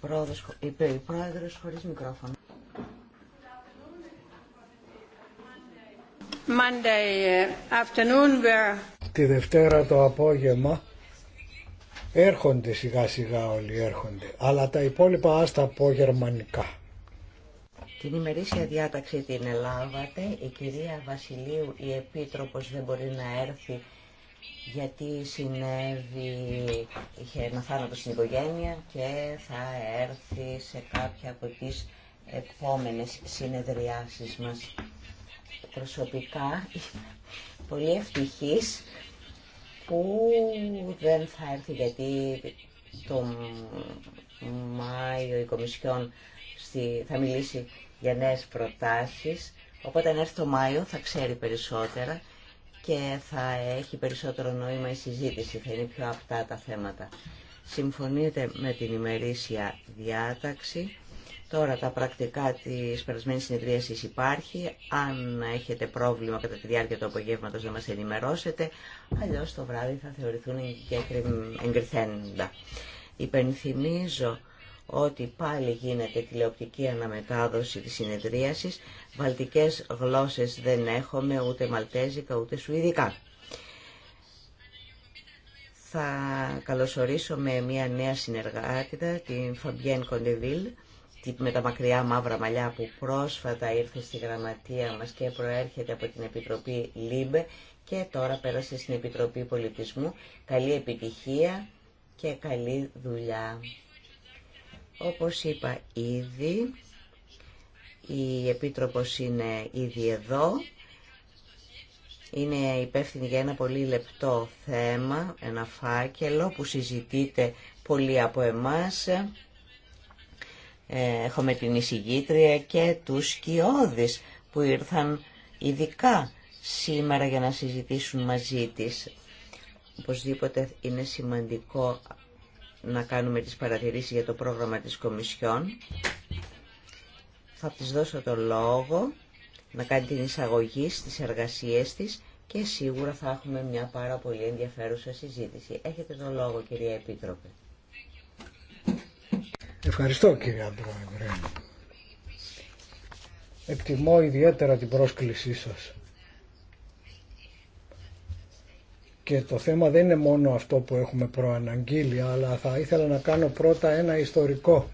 πρόεδρος, είπε η πρόεδρος χωρίς μικρόφωνο. Monday uh, Τη Δευτέρα το απόγευμα έρχονται σιγά σιγά όλοι έρχονται, αλλά τα υπόλοιπα ας τα πω γερμανικά. Την ημερήσια διάταξη την ελάβατε, η κυρία Βασιλείου η Επίτροπος δεν μπορεί να έρθει γιατί συνέβη, είχε ένα θάνατο στην οικογένεια και θα έρθει σε κάποια από τις επόμενες συνεδριάσεις μας. Προσωπικά, πολύ ευτυχής που δεν θα έρθει γιατί το Μάιο η Κομισιόν στη, θα μιλήσει για νέες προτάσεις. Οπότε αν έρθει το Μάιο θα ξέρει περισσότερα και θα έχει περισσότερο νόημα η συζήτηση, θα είναι πιο απτά τα θέματα. Συμφωνείτε με την ημερήσια διάταξη. Τώρα τα πρακτικά της περασμένης συνεδρίασης υπάρχει. Αν έχετε πρόβλημα κατά τη διάρκεια του απογεύματος να μας ενημερώσετε, αλλιώς το βράδυ θα θεωρηθούν και εγκριθέντα. Υπενθυμίζω ότι πάλι γίνεται τηλεοπτική αναμετάδοση της συνεδρίασης βαλτικές γλώσσες δεν έχουμε, ούτε μαλτέζικα, ούτε σουηδικά. Θα καλωσορίσω με μια νέα συνεργάτητα, την Φαμπιέν Κοντεβίλ, με τα μακριά μαύρα μαλλιά που πρόσφατα ήρθε στη γραμματεία μας και προέρχεται από την Επιτροπή ΛΥΜΠΕ και τώρα πέρασε στην Επιτροπή Πολιτισμού. Καλή επιτυχία και καλή δουλειά. Όπως είπα ήδη, η Επίτροπος είναι ήδη εδώ. Είναι υπεύθυνη για ένα πολύ λεπτό θέμα, ένα φάκελο που συζητείται πολύ από εμάς. Ε, έχουμε την εισηγήτρια και τους σκιώδεις που ήρθαν ειδικά σήμερα για να συζητήσουν μαζί της. Οπωσδήποτε είναι σημαντικό να κάνουμε τις παρατηρήσεις για το πρόγραμμα της Κομισιόν θα της δώσω το λόγο να κάνει την εισαγωγή στις εργασίες της και σίγουρα θα έχουμε μια πάρα πολύ ενδιαφέρουσα συζήτηση. Έχετε τον λόγο κυρία Επίτροπε. Ευχαριστώ κυρία Πρόεδρε. Εκτιμώ ιδιαίτερα την πρόσκλησή σας. Και το θέμα δεν είναι μόνο αυτό που έχουμε προαναγγείλει, αλλά θα ήθελα να κάνω πρώτα ένα ιστορικό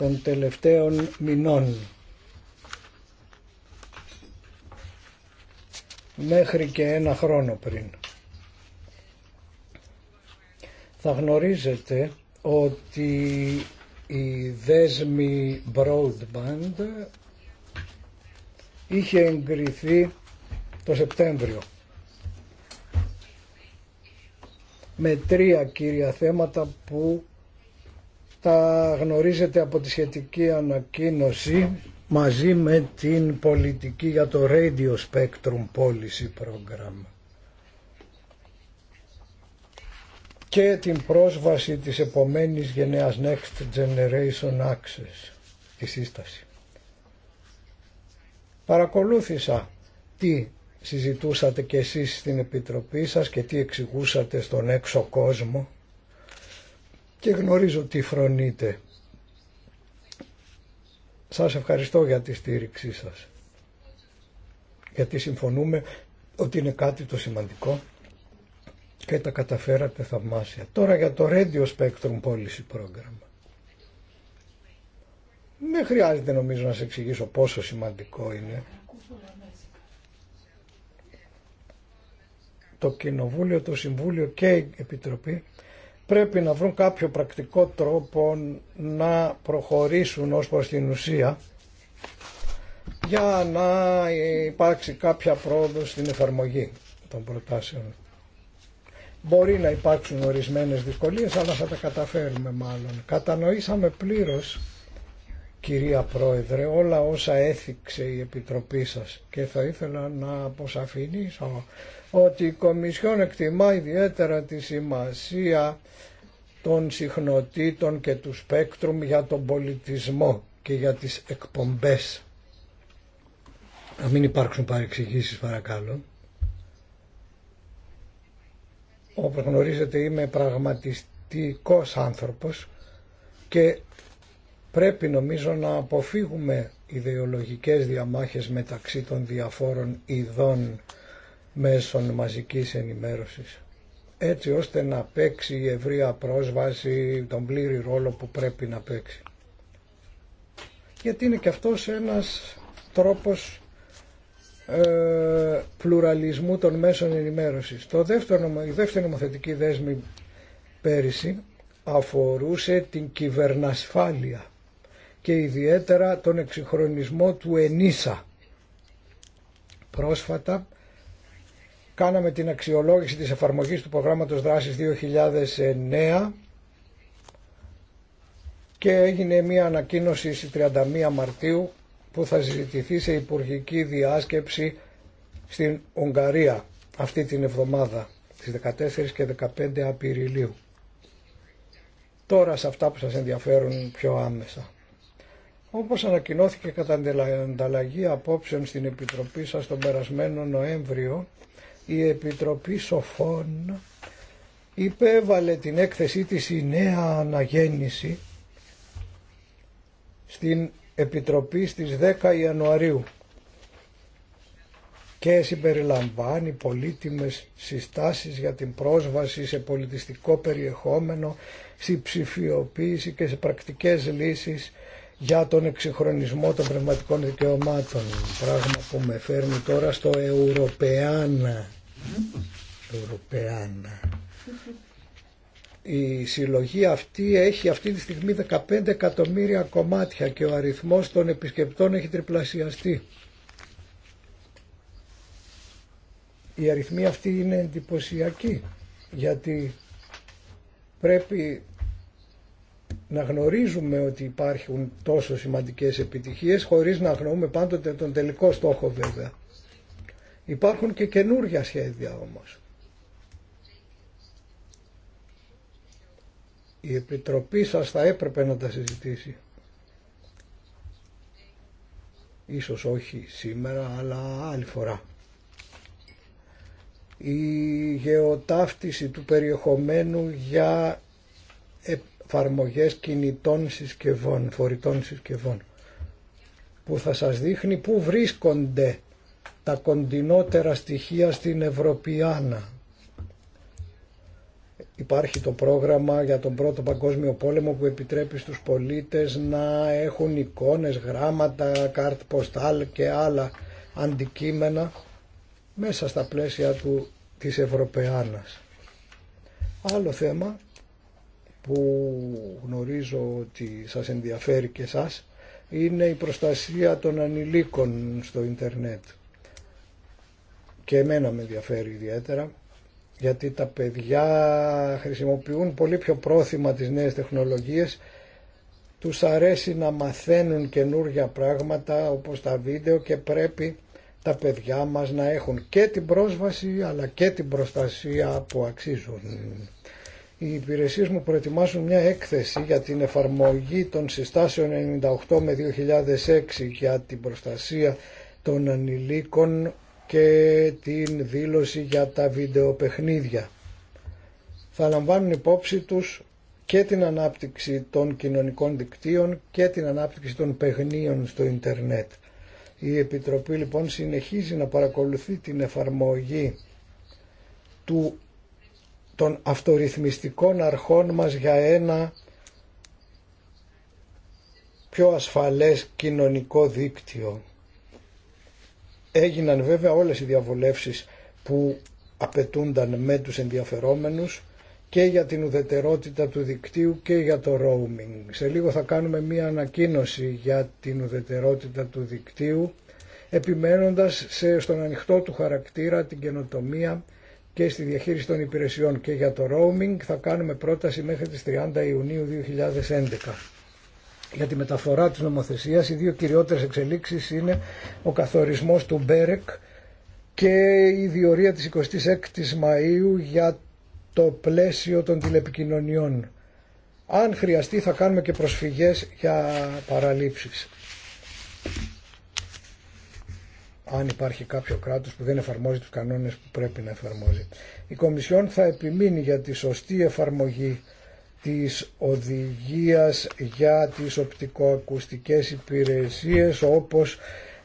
των τελευταίων μηνών. Μέχρι και ένα χρόνο πριν. Θα γνωρίζετε ότι η δέσμη broadband είχε εγκριθεί το Σεπτέμβριο με τρία κύρια θέματα που τα γνωρίζετε από τη σχετική ανακοίνωση μαζί με την πολιτική για το Radio Spectrum Policy Program και την πρόσβαση της επομένης γενναίας Next Generation Access, τη σύσταση. Παρακολούθησα τι συζητούσατε κι εσείς στην Επιτροπή σας και τι εξηγούσατε στον έξω κόσμο και γνωρίζω τι φρονείτε. Σας ευχαριστώ για τη στήριξή σας. Γιατί συμφωνούμε ότι είναι κάτι το σημαντικό και τα καταφέρατε θαυμάσια. Τώρα για το Radio Spectrum Policy Program. Δεν χρειάζεται νομίζω να σε εξηγήσω πόσο σημαντικό είναι. Το Κοινοβούλιο, το Συμβούλιο και η Επιτροπή πρέπει να βρουν κάποιο πρακτικό τρόπο να προχωρήσουν ως προς την ουσία για να υπάρξει κάποια πρόοδο στην εφαρμογή των προτάσεων. Μπορεί να υπάρξουν ορισμένες δυσκολίες, αλλά θα τα καταφέρουμε μάλλον. Κατανοήσαμε πλήρως κυρία Πρόεδρε, όλα όσα έθιξε η Επιτροπή σας και θα ήθελα να αποσαφηνίσω ότι η Κομισιόν εκτιμά ιδιαίτερα τη σημασία των συχνοτήτων και του σπέκτρουμ για τον πολιτισμό και για τις εκπομπές. Να μην υπάρξουν παρεξηγήσεις παρακαλώ. Όπως γνωρίζετε είμαι πραγματιστικός άνθρωπος και Πρέπει νομίζω να αποφύγουμε ιδεολογικές διαμάχες μεταξύ των διαφόρων ειδών μέσων μαζικής ενημέρωσης έτσι ώστε να παίξει η ευρεία πρόσβαση τον πλήρη ρόλο που πρέπει να παίξει. Γιατί είναι και αυτός ένας τρόπος ε, πλουραλισμού των μέσων ενημέρωσης. Το δεύτερο, η δεύτερη νομοθετική δέσμη πέρυσι αφορούσε την κυβερνασφάλεια και ιδιαίτερα τον εξυγχρονισμό του ΕΝΙΣΑ. Πρόσφατα κάναμε την αξιολόγηση της εφαρμογής του προγράμματος δράσης 2009 και έγινε μια ανακοίνωση στις 31 Μαρτίου που θα συζητηθεί σε υπουργική διάσκεψη στην Ουγγαρία αυτή την εβδομάδα στις 14 και 15 Απριλίου. Τώρα σε αυτά που σας ενδιαφέρουν πιο άμεσα. Όπως ανακοινώθηκε κατά ανταλλαγή απόψεων στην Επιτροπή σας τον περασμένο Νοέμβριο, η Επιτροπή Σοφών υπέβαλε την έκθεσή της η νέα αναγέννηση στην Επιτροπή στις 10 Ιανουαρίου και συμπεριλαμβάνει πολύτιμες συστάσεις για την πρόσβαση σε πολιτιστικό περιεχόμενο, στη ψηφιοποίηση και σε πρακτικές λύσεις για τον εξυγχρονισμό των πνευματικών δικαιωμάτων. Πράγμα που με φέρνει τώρα στο Ευρωπαϊκά. Η συλλογή αυτή έχει αυτή τη στιγμή 15 εκατομμύρια κομμάτια και ο αριθμός των επισκεπτών έχει τριπλασιαστεί. Η αριθμή αυτή είναι εντυπωσιακή γιατί πρέπει να γνωρίζουμε ότι υπάρχουν τόσο σημαντικές επιτυχίες χωρίς να αγνοούμε πάντοτε τον τελικό στόχο βέβαια. Υπάρχουν και καινούργια σχέδια όμως. Η Επιτροπή σας θα έπρεπε να τα συζητήσει. Ίσως όχι σήμερα, αλλά άλλη φορά. Η γεωτάφτιση του περιεχομένου για εφαρμογές κινητών συσκευών, φορητών συσκευών που θα σας δείχνει πού βρίσκονται τα κοντινότερα στοιχεία στην Ευρωπιάνα. Υπάρχει το πρόγραμμα για τον Πρώτο Παγκόσμιο Πόλεμο που επιτρέπει στους πολίτες να έχουν εικόνες, γράμματα, κάρτ ποστάλ και άλλα αντικείμενα μέσα στα πλαίσια του, της Ευρωπαϊάνας. Άλλο θέμα που γνωρίζω ότι σας ενδιαφέρει και σας είναι η προστασία των ανηλίκων στο ίντερνετ. Και εμένα με ενδιαφέρει ιδιαίτερα γιατί τα παιδιά χρησιμοποιούν πολύ πιο πρόθυμα τις νέες τεχνολογίες τους αρέσει να μαθαίνουν καινούργια πράγματα όπως τα βίντεο και πρέπει τα παιδιά μας να έχουν και την πρόσβαση αλλά και την προστασία που αξίζουν οι υπηρεσίε μου προετοιμάσουν μια έκθεση για την εφαρμογή των συστάσεων 98 με 2006 για την προστασία των ανηλίκων και την δήλωση για τα βιντεοπαιχνίδια. Θα λαμβάνουν υπόψη τους και την ανάπτυξη των κοινωνικών δικτύων και την ανάπτυξη των παιχνίων στο ίντερνετ. Η Επιτροπή λοιπόν συνεχίζει να παρακολουθεί την εφαρμογή του των αυτορυθμιστικών αρχών μας για ένα πιο ασφαλές κοινωνικό δίκτυο. Έγιναν βέβαια όλες οι διαβολεύσεις που απαιτούνταν με τους ενδιαφερόμενους και για την ουδετερότητα του δικτύου και για το roaming. Σε λίγο θα κάνουμε μία ανακοίνωση για την ουδετερότητα του δικτύου επιμένοντας σε, στον ανοιχτό του χαρακτήρα την καινοτομία και στη διαχείριση των υπηρεσιών και για το roaming θα κάνουμε πρόταση μέχρι τις 30 Ιουνίου 2011. Για τη μεταφορά της νομοθεσίας οι δύο κυριότερες εξελίξεις είναι ο καθορισμός του Μπέρεκ και η διορία της 26ης Μαΐου για το πλαίσιο των τηλεπικοινωνιών. Αν χρειαστεί θα κάνουμε και προσφυγές για παραλήψεις αν υπάρχει κάποιο κράτος που δεν εφαρμόζει τους κανόνες που πρέπει να εφαρμόζει. Η Κομισιόν θα επιμείνει για τη σωστή εφαρμογή της οδηγίας για τις οπτικοακουστικές υπηρεσίες όπως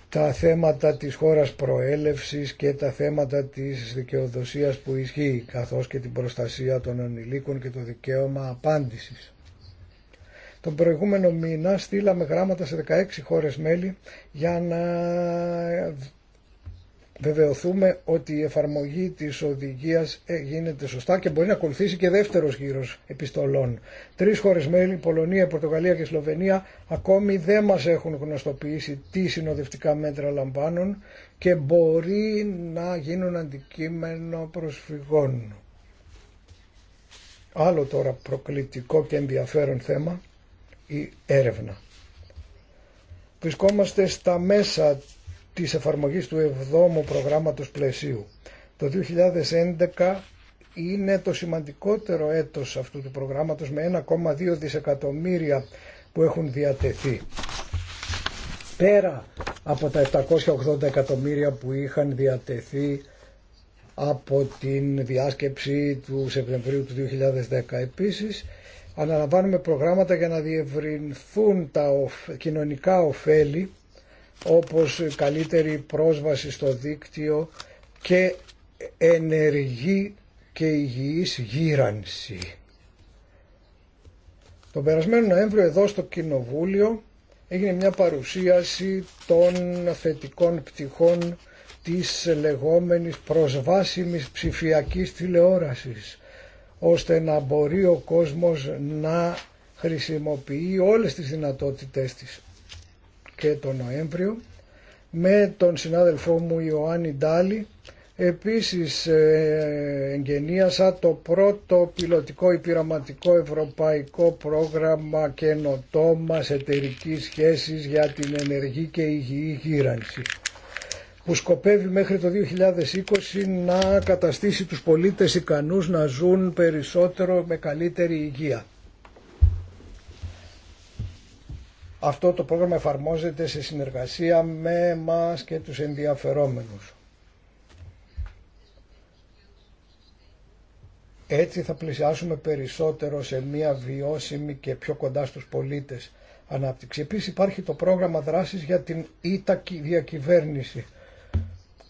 τα θέματα της χώρας προέλευσης και τα θέματα της δικαιοδοσίας που ισχύει καθώς και την προστασία των ανηλίκων και το δικαίωμα απάντησης. Τον προηγούμενο μήνα στείλαμε γράμματα σε 16 χώρες μέλη για να βεβαιωθούμε ότι η εφαρμογή της οδηγίας ε, γίνεται σωστά και μπορεί να ακολουθήσει και δεύτερος γύρος επιστολών. Τρεις χώρες μέλη, Πολωνία, Πορτογαλία και Σλοβενία, ακόμη δεν μας έχουν γνωστοποιήσει τι συνοδευτικά μέτρα λαμβάνουν και μπορεί να γίνουν αντικείμενο προσφυγών. Άλλο τώρα προκλητικό και ενδιαφέρον θέμα, η έρευνα. Βρισκόμαστε στα μέσα της εφαρμογής του 7ου προγράμματος πλαισίου. Το 2011 είναι το σημαντικότερο έτος αυτού του προγράμματος με 1,2 δισεκατομμύρια που έχουν διατεθεί. Πέρα από τα 780 εκατομμύρια που είχαν διατεθεί από την διάσκεψη του Σεπτεμβρίου του 2010. Επίσης, αναλαμβάνουμε προγράμματα για να διευρυνθούν τα κοινωνικά ωφέλη όπως καλύτερη πρόσβαση στο δίκτυο και ενεργή και υγιής γύρανση. Τον περασμένο Νοέμβριο εδώ στο Κοινοβούλιο έγινε μια παρουσίαση των θετικών πτυχών της λεγόμενης προσβάσιμης ψηφιακής τηλεόρασης ώστε να μπορεί ο κόσμος να χρησιμοποιεί όλες τις δυνατότητές της και τον Νοέμβριο με τον συνάδελφό μου Ιωάννη Ντάλη Επίσης ε, εγγενίασα το πρώτο πιλωτικό υπηρεματικό ευρωπαϊκό πρόγραμμα καινοτόμας εταιρικής σχέσης για την ενεργή και υγιή γύρανση που σκοπεύει μέχρι το 2020 να καταστήσει τους πολίτες ικανούς να ζουν περισσότερο με καλύτερη υγεία. Αυτό το πρόγραμμα εφαρμόζεται σε συνεργασία με μας και τους ενδιαφερόμενους. Έτσι θα πλησιάσουμε περισσότερο σε μια βιώσιμη και πιο κοντά στους πολίτες ανάπτυξη. Επίσης υπάρχει το πρόγραμμα δράσης για την ήτακη διακυβέρνηση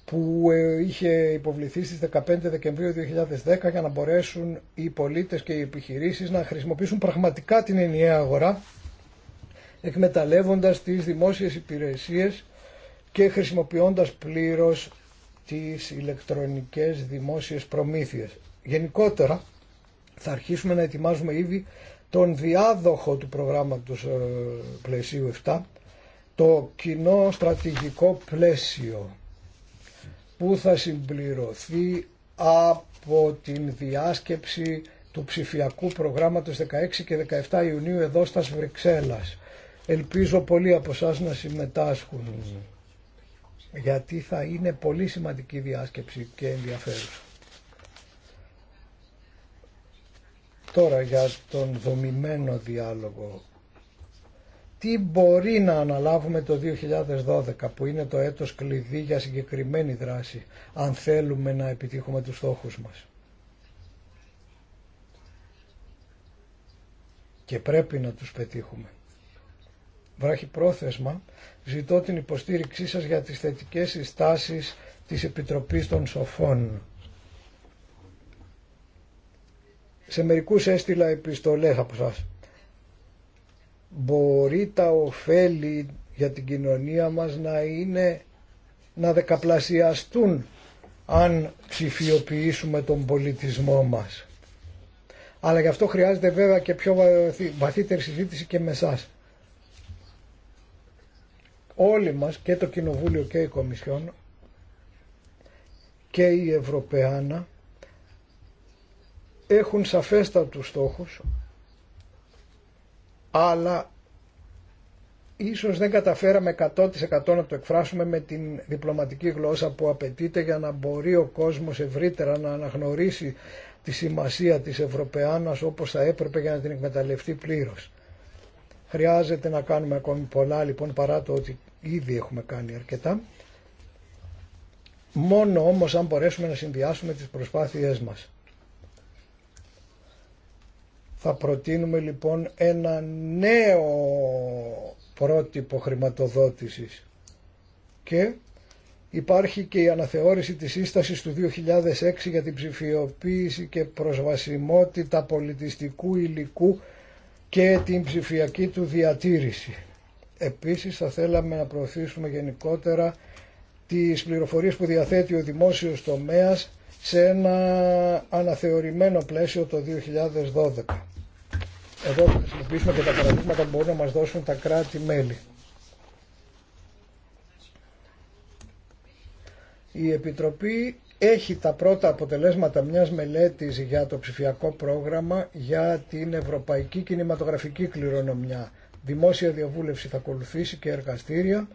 που ε, είχε υποβληθεί στις 15 Δεκεμβρίου 2010 για να μπορέσουν οι πολίτες και οι επιχειρήσεις να χρησιμοποιήσουν πραγματικά την ενιαία αγορά εκμεταλλεύοντας τις δημόσιες υπηρεσίες και χρησιμοποιώντας πλήρως τις ηλεκτρονικές δημόσιες προμήθειες. Γενικότερα θα αρχίσουμε να ετοιμάζουμε ήδη τον διάδοχο του προγράμματος ε, πλαισίου 7, το κοινό στρατηγικό πλαίσιο που θα συμπληρωθεί από την διάσκεψη του ψηφιακού προγράμματος 16 και 17 Ιουνίου εδώ στα Βρυξέλλας. Ελπίζω πολλοί από εσά να συμμετάσχουν γιατί θα είναι πολύ σημαντική διάσκεψη και ενδιαφέρουσα. Τώρα για τον δομημένο διάλογο. Τι μπορεί να αναλάβουμε το 2012 που είναι το έτος κλειδί για συγκεκριμένη δράση αν θέλουμε να επιτύχουμε τους στόχους μας. Και πρέπει να τους πετύχουμε πρόθεσμα, ζητώ την υποστήριξή σας για τις θετικές συστάσεις της Επιτροπής των Σοφών. Σε μερικούς έστειλα επιστολές από σας. Μπορεί τα ωφέλη για την κοινωνία μας να είναι να δεκαπλασιαστούν αν ψηφιοποιήσουμε τον πολιτισμό μας. Αλλά γι' αυτό χρειάζεται βέβαια και πιο βαθύτερη συζήτηση και με εσάς όλοι μας και το Κοινοβούλιο και η Κομισιόν και η Ευρωπαϊάνα έχουν σαφέστατους στόχους αλλά ίσως δεν καταφέραμε 100% να το εκφράσουμε με την διπλωματική γλώσσα που απαιτείται για να μπορεί ο κόσμος ευρύτερα να αναγνωρίσει τη σημασία της Ευρωπαϊάνας όπως θα έπρεπε για να την εκμεταλλευτεί πλήρως. Χρειάζεται να κάνουμε ακόμη πολλά λοιπόν παρά το ότι Ήδη έχουμε κάνει αρκετά. Μόνο όμως αν μπορέσουμε να συνδυάσουμε τις προσπάθειές μας. Θα προτείνουμε λοιπόν ένα νέο πρότυπο χρηματοδότησης και υπάρχει και η αναθεώρηση της σύστασης του 2006 για την ψηφιοποίηση και προσβασιμότητα πολιτιστικού υλικού και την ψηφιακή του διατήρηση. Επίσης θα θέλαμε να προωθήσουμε γενικότερα τις πληροφορίες που διαθέτει ο δημόσιος τομέας σε ένα αναθεωρημένο πλαίσιο το 2012. Εδώ θα χρησιμοποιήσουμε και τα παραδείγματα που μπορούν να μας δώσουν τα κράτη-μέλη. Η Επιτροπή έχει τα πρώτα αποτελέσματα μιας μελέτης για το ψηφιακό πρόγραμμα για την Ευρωπαϊκή Κινηματογραφική Κληρονομιά δημόσια διαβούλευση θα ακολουθήσει και εργαστήρια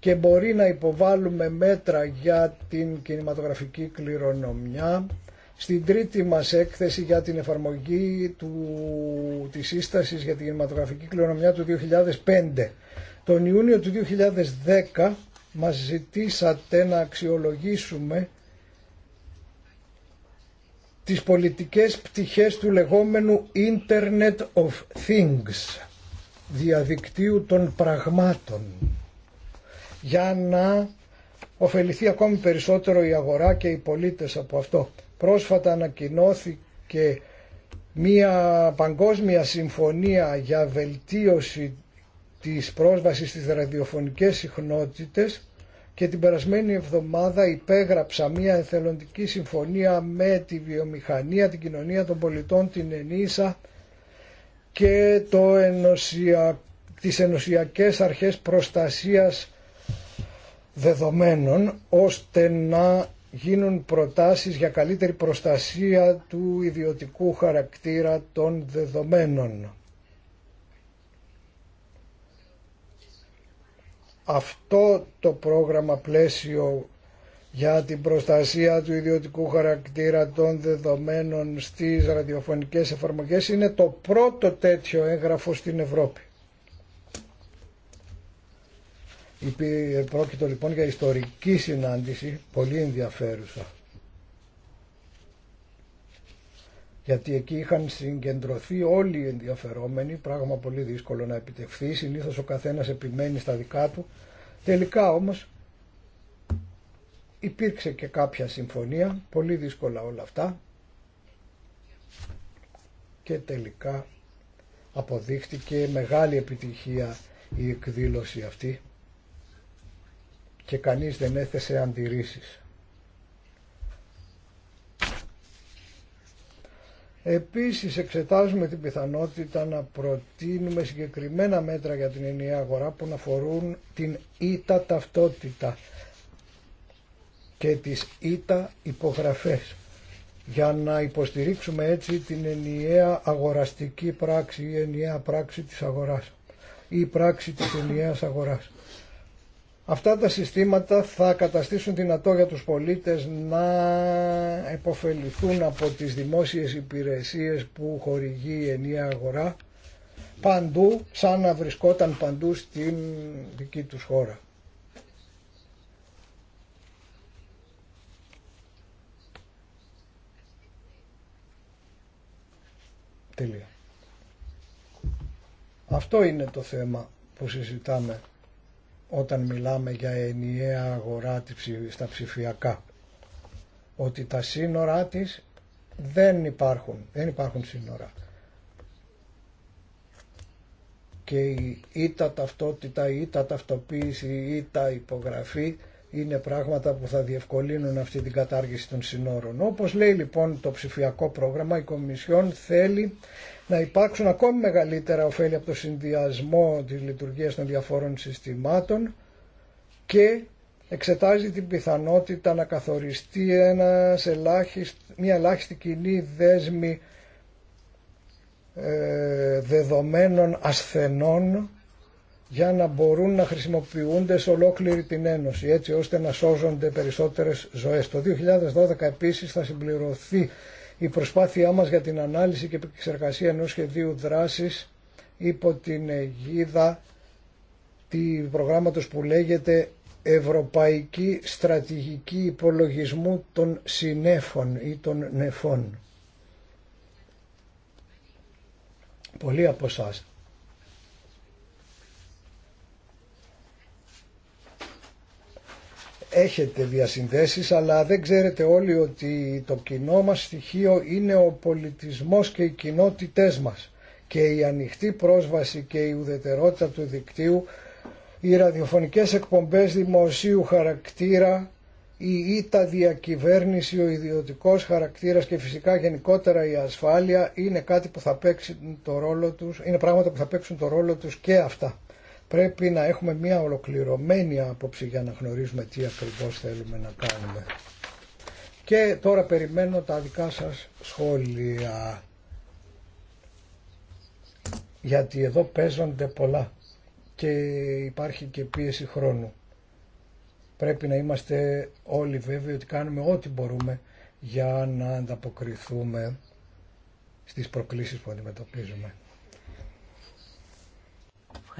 και μπορεί να υποβάλουμε μέτρα για την κινηματογραφική κληρονομιά στην τρίτη μας έκθεση για την εφαρμογή του, της σύστασης για την κινηματογραφική κληρονομιά του 2005. Τον Ιούνιο του 2010 μας ζητήσατε να αξιολογήσουμε τις πολιτικές πτυχές του λεγόμενου Internet of Things διαδικτύου των πραγμάτων για να ωφεληθεί ακόμη περισσότερο η αγορά και οι πολίτες από αυτό. Πρόσφατα ανακοινώθηκε μία παγκόσμια συμφωνία για βελτίωση της πρόσβασης στις ραδιοφωνικές συχνότητες και την περασμένη εβδομάδα υπέγραψα μία εθελοντική συμφωνία με τη βιομηχανία, την κοινωνία των πολιτών, την Ενίσα και το ενωσια... τις ενωσιακές αρχές προστασίας δεδομένων ώστε να γίνουν προτάσεις για καλύτερη προστασία του ιδιωτικού χαρακτήρα των δεδομένων. Αυτό το πρόγραμμα πλαίσιο για την προστασία του ιδιωτικού χαρακτήρα των δεδομένων στις ραδιοφωνικές εφαρμογές είναι το πρώτο τέτοιο έγγραφο στην Ευρώπη. πρόκειται λοιπόν για ιστορική συνάντηση, πολύ ενδιαφέρουσα. Γιατί εκεί είχαν συγκεντρωθεί όλοι οι ενδιαφερόμενοι, πράγμα πολύ δύσκολο να επιτευχθεί, συνήθως ο καθένας επιμένει στα δικά του. Τελικά όμως υπήρξε και κάποια συμφωνία, πολύ δύσκολα όλα αυτά και τελικά αποδείχτηκε μεγάλη επιτυχία η εκδήλωση αυτή και κανείς δεν έθεσε αντιρρήσεις. Επίσης εξετάζουμε την πιθανότητα να προτείνουμε συγκεκριμένα μέτρα για την ενιαία αγορά που να αφορούν την ήττα ταυτότητα και τις ΙΤΑ υπογραφές για να υποστηρίξουμε έτσι την ενιαία αγοραστική πράξη ή ενιαία πράξη της αγοράς ή πράξη της ενιαίας αγοράς. Αυτά τα συστήματα θα καταστήσουν δυνατό για τους πολίτες να επωφεληθούν από τις δημόσιες υπηρεσίες που χορηγεί η ενιαία αγορά παντού σαν να βρισκόταν παντού στην δική τους χώρα. Αυτό είναι το θέμα που συζητάμε όταν μιλάμε για ενιαία αγορά στα ψηφιακά. Ότι τα σύνορά της δεν υπάρχουν, δεν υπάρχουν σύνορα. Και η τα ταυτότητα, η ήττα ταυτοποίηση, η ήττα υπογραφή είναι πράγματα που θα διευκολύνουν αυτή την κατάργηση των συνόρων. Όπως λέει λοιπόν το ψηφιακό πρόγραμμα, η Κομισιόν θέλει να υπάρξουν ακόμη μεγαλύτερα ωφέλη από το συνδυασμό της λειτουργίας των διαφόρων συστημάτων και εξετάζει την πιθανότητα να καθοριστεί ένας ελάχιστ, μια ελάχιστη κοινή δέσμη ε, δεδομένων ασθενών για να μπορούν να χρησιμοποιούνται σε ολόκληρη την Ένωση έτσι ώστε να σώζονται περισσότερες ζωές. Το 2012 επίσης θα συμπληρωθεί η προσπάθειά μας για την ανάλυση και επεξεργασία ενός σχεδίου δράσης υπό την αιγίδα του προγράμματος που λέγεται Ευρωπαϊκή Στρατηγική Υπολογισμού των Συνέφων ή των Νεφών. Πολλοί από εσάς. έχετε διασυνδέσεις αλλά δεν ξέρετε όλοι ότι το κοινό μας στοιχείο είναι ο πολιτισμός και οι κοινότητές μας και η ανοιχτή πρόσβαση και η ουδετερότητα του δικτύου οι ραδιοφωνικές εκπομπές δημοσίου χαρακτήρα η ήττα διακυβέρνηση, ο ιδιωτικός χαρακτήρας και φυσικά γενικότερα η ασφάλεια είναι κάτι που θα ρόλο τους, είναι πράγματα που θα παίξουν το ρόλο τους και αυτά. Πρέπει να έχουμε μια ολοκληρωμένη άποψη για να γνωρίζουμε τι ακριβώς θέλουμε να κάνουμε. Και τώρα περιμένω τα δικά σας σχόλια. Γιατί εδώ παίζονται πολλά και υπάρχει και πίεση χρόνου. Πρέπει να είμαστε όλοι βέβαιοι ότι κάνουμε ό,τι μπορούμε για να ανταποκριθούμε στις προκλήσεις που αντιμετωπίζουμε.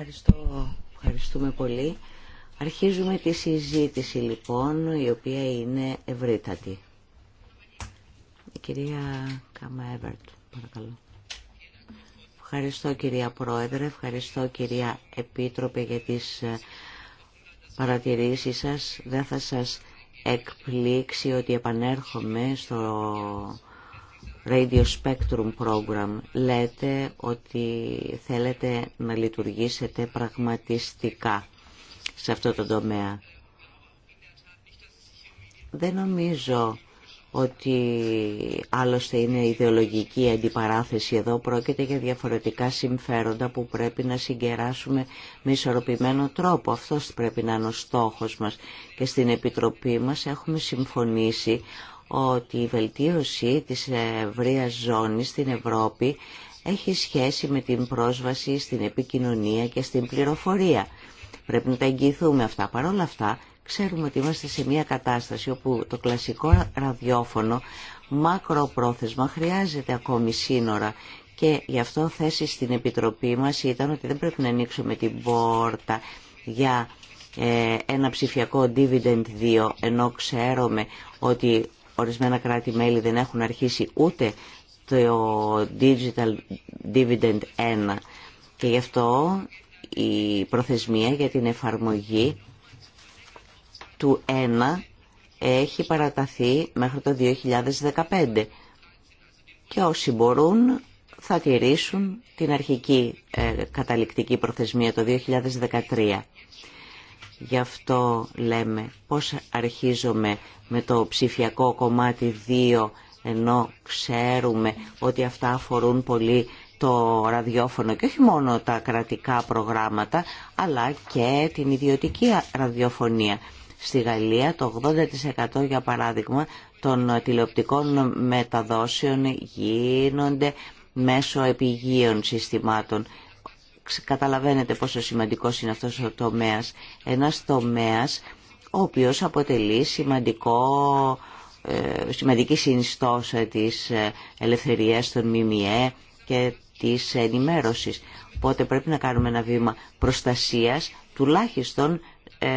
Ευχαριστώ. Ευχαριστούμε πολύ. Αρχίζουμε τη συζήτηση λοιπόν, η οποία είναι ευρύτατη. Η κυρία Κάμα Εβερτ, παρακαλώ. Ευχαριστώ κυρία Πρόεδρε, ευχαριστώ κυρία Επίτροπε για τις ε, παρατηρήσεις σας. Δεν θα σας εκπλήξει ότι επανέρχομαι στο Radio Spectrum Program λέτε ότι θέλετε να λειτουργήσετε πραγματιστικά σε αυτό το τομέα. Δεν νομίζω ότι άλλωστε είναι ιδεολογική αντιπαράθεση εδώ. Πρόκειται για διαφορετικά συμφέροντα που πρέπει να συγκεράσουμε με ισορροπημένο τρόπο. Αυτός πρέπει να είναι ο στόχος μας. Και στην Επιτροπή μας έχουμε συμφωνήσει ότι η βελτίωση της ευρείας ζώνης στην Ευρώπη έχει σχέση με την πρόσβαση στην επικοινωνία και στην πληροφορία. Πρέπει να τα εγγυηθούμε αυτά. Παρ' όλα αυτά, ξέρουμε ότι είμαστε σε μια κατάσταση όπου το κλασικό ραδιόφωνο μακροπρόθεσμα χρειάζεται ακόμη σύνορα και γι' αυτό θέση στην Επιτροπή μας ήταν ότι δεν πρέπει να ανοίξουμε την πόρτα για ε, ένα ψηφιακό dividend 2 ενώ ξέρουμε ότι Ορισμένα κράτη-μέλη δεν έχουν αρχίσει ούτε το Digital Dividend 1 και γι' αυτό η προθεσμία για την εφαρμογή του 1 έχει παραταθεί μέχρι το 2015 και όσοι μπορούν θα τηρήσουν την αρχική ε, καταληκτική προθεσμία το 2013. Γι' αυτό λέμε πώς αρχίζουμε με το ψηφιακό κομμάτι 2 ενώ ξέρουμε ότι αυτά αφορούν πολύ το ραδιόφωνο και όχι μόνο τα κρατικά προγράμματα αλλά και την ιδιωτική ραδιοφωνία. Στη Γαλλία το 80% για παράδειγμα των τηλεοπτικών μεταδόσεων γίνονται μέσω επιγείων συστημάτων καταλαβαίνετε πόσο σημαντικός είναι αυτός ο τομέας. Ένας τομέας ο οποίος αποτελεί σημαντικό, ε, σημαντική συνιστόσα της ε, ελευθερίας των ΜΜΕ και της ενημέρωσης. Οπότε πρέπει να κάνουμε ένα βήμα προστασίας τουλάχιστον ε,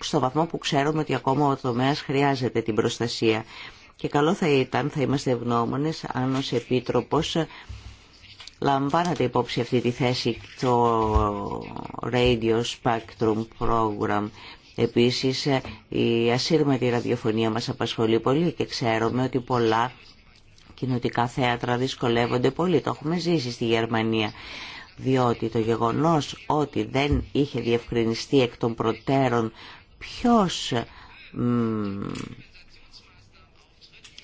στο βαθμό που ξέρουμε ότι ακόμα ο τομέας χρειάζεται την προστασία. Και καλό θα ήταν, θα είμαστε ευγνώμονες, αν ως Επίτροπος λαμβάνατε υπόψη αυτή τη θέση το Radio Spectrum Program. Επίσης η ασύρματη ραδιοφωνία μας απασχολεί πολύ και ξέρουμε ότι πολλά κοινοτικά θέατρα δυσκολεύονται πολύ. Το έχουμε ζήσει στη Γερμανία διότι το γεγονός ότι δεν είχε διευκρινιστεί εκ των προτέρων ποιος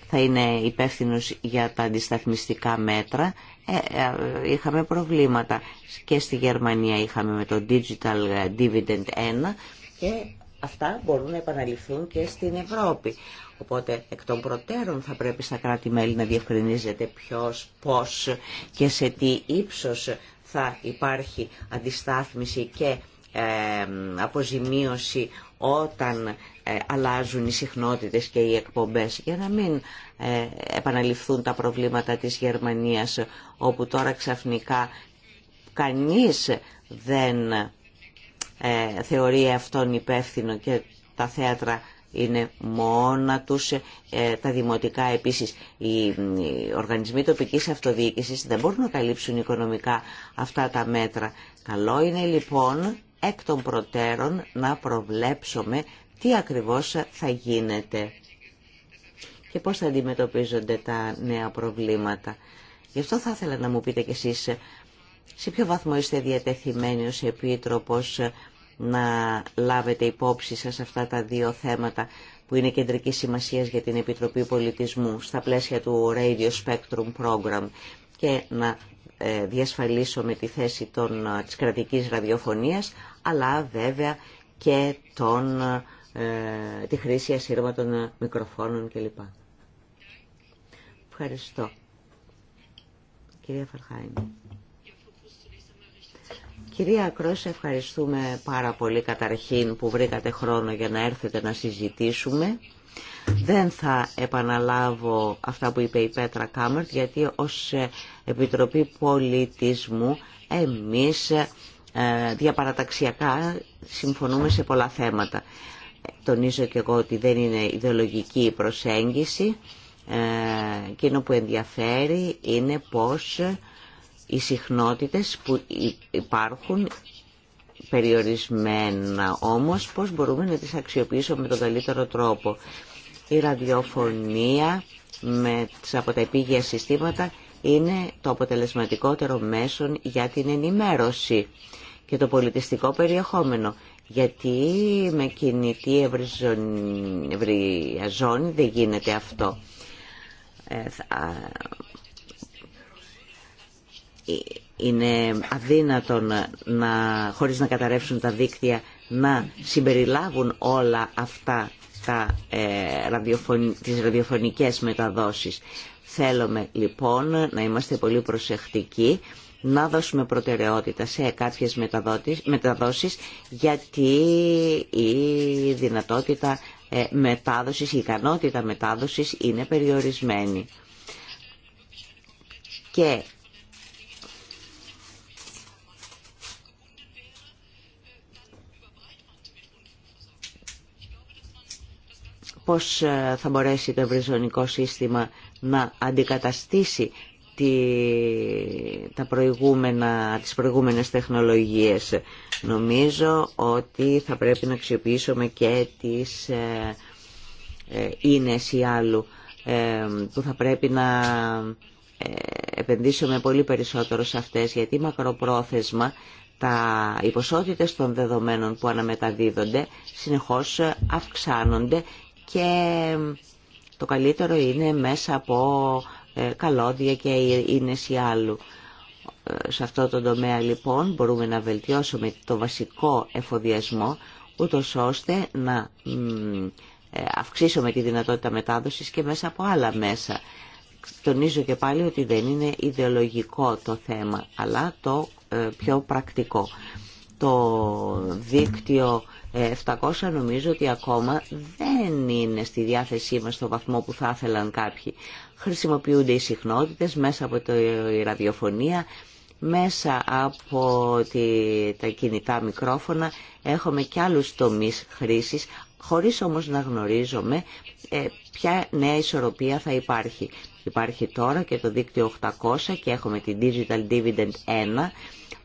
θα είναι υπεύθυνος για τα αντισταθμιστικά μέτρα ε, ε, είχαμε προβλήματα και στη Γερμανία είχαμε με το Digital ε, Dividend 1 και αυτά μπορούν να επαναληφθούν και στην Ευρώπη. Οπότε εκ των προτέρων θα πρέπει στα κράτη-μέλη να διευκρινίζεται ποιος, πώς και σε τι ύψος θα υπάρχει αντιστάθμιση και αποζημίωση όταν ε, αλλάζουν οι συχνότητες και οι εκπομπές για να μην ε, επαναληφθούν τα προβλήματα της Γερμανίας όπου τώρα ξαφνικά κανείς δεν ε, θεωρεί αυτόν υπεύθυνο και τα θέατρα είναι μόνα τους, τα δημοτικά επίσης. Οι οργανισμοί τοπικής αυτοδιοίκησης δεν μπορούν να καλύψουν οικονομικά αυτά τα μέτρα. Καλό είναι λοιπόν εκ των προτέρων να προβλέψουμε τι ακριβώς θα γίνεται και πώς θα αντιμετωπίζονται τα νέα προβλήματα. Γι' αυτό θα ήθελα να μου πείτε κι εσείς σε ποιο βαθμό είστε διατεθειμένοι ως Επίτροπος να λάβετε υπόψη σας αυτά τα δύο θέματα που είναι κεντρική σημασία για την Επιτροπή Πολιτισμού στα πλαίσια του Radio Spectrum Program και να ε, διασφαλίσω με τη θέση των, ε, της κρατικής ραδιοφωνίας, αλλά βέβαια και τον, ε, τη χρήση ασύρματων μικροφώνων κλπ. Ευχαριστώ. Κυρία Φαρχάιν. Κυρία Κρόσε, ευχαριστούμε πάρα πολύ καταρχήν που βρήκατε χρόνο για να έρθετε να συζητήσουμε. Δεν θα επαναλάβω αυτά που είπε η Πέτρα Κάμερτ, γιατί ως ε, Επιτροπή Πολιτισμού εμείς ε, διαπαραταξιακά συμφωνούμε σε πολλά θέματα. Τονίζω και εγώ ότι δεν είναι ιδεολογική η προσέγγιση. Εκείνο που ενδιαφέρει είναι πώς οι συχνότητες που υπάρχουν περιορισμένα όμως πώς μπορούμε να τις αξιοποιήσουμε με τον καλύτερο τρόπο. Η ραδιοφωνία με, από τα επίγεια συστήματα είναι το αποτελεσματικότερο μέσον για την ενημέρωση και το πολιτιστικό περιεχόμενο. Γιατί με κινητή ευρυζώνη δεν γίνεται αυτό. Ε, ε, είναι αδύνατον να, χωρίς να καταρρεύσουν τα δίκτυα να συμπεριλάβουν όλα αυτά τα, ε, τις ραδιοφωνικές μεταδόσεις. Θέλουμε λοιπόν να είμαστε πολύ προσεκτικοί, να δώσουμε προτεραιότητα σε κάποιες μεταδόσεις γιατί η δυνατότητα ε, μετάδοσης, η ικανότητα μετάδοσης είναι περιορισμένη. Και πώς ε, θα μπορέσει το ευρυζωνικό σύστημα να αντικαταστήσει τη, τα προηγούμενα, τις προηγούμενες τεχνολογίες. Νομίζω ότι θα πρέπει να αξιοποιήσουμε και τις ε, ε ίνες ή άλλου ε, που θα πρέπει να επενδύσουμε πολύ περισσότερο σε αυτές γιατί μακροπρόθεσμα τα, οι των δεδομένων που αναμεταδίδονται συνεχώς αυξάνονται και το καλύτερο είναι μέσα από ε, καλώδια και ίνεση άλλου. Ε, σε αυτό το τομέα λοιπόν μπορούμε να βελτιώσουμε το βασικό εφοδιασμό ούτως ώστε να ε, αυξήσουμε τη δυνατότητα μετάδοσης και μέσα από άλλα μέσα. Τονίζω και πάλι ότι δεν είναι ιδεολογικό το θέμα αλλά το πιο πρακτικό. Το δίκτυο 700 νομίζω ότι ακόμα δεν είναι στη διάθεσή μας στο βαθμό που θα ήθελαν κάποιοι. Χρησιμοποιούνται οι συχνότητες μέσα από τη ραδιοφωνία, μέσα από τη, τα κινητά μικρόφωνα. Έχουμε και άλλους τομείς χρήσης, χωρίς όμως να γνωρίζουμε ε, ποια νέα ισορροπία θα υπάρχει. Υπάρχει τώρα και το δίκτυο 800 και έχουμε την Digital Dividend 1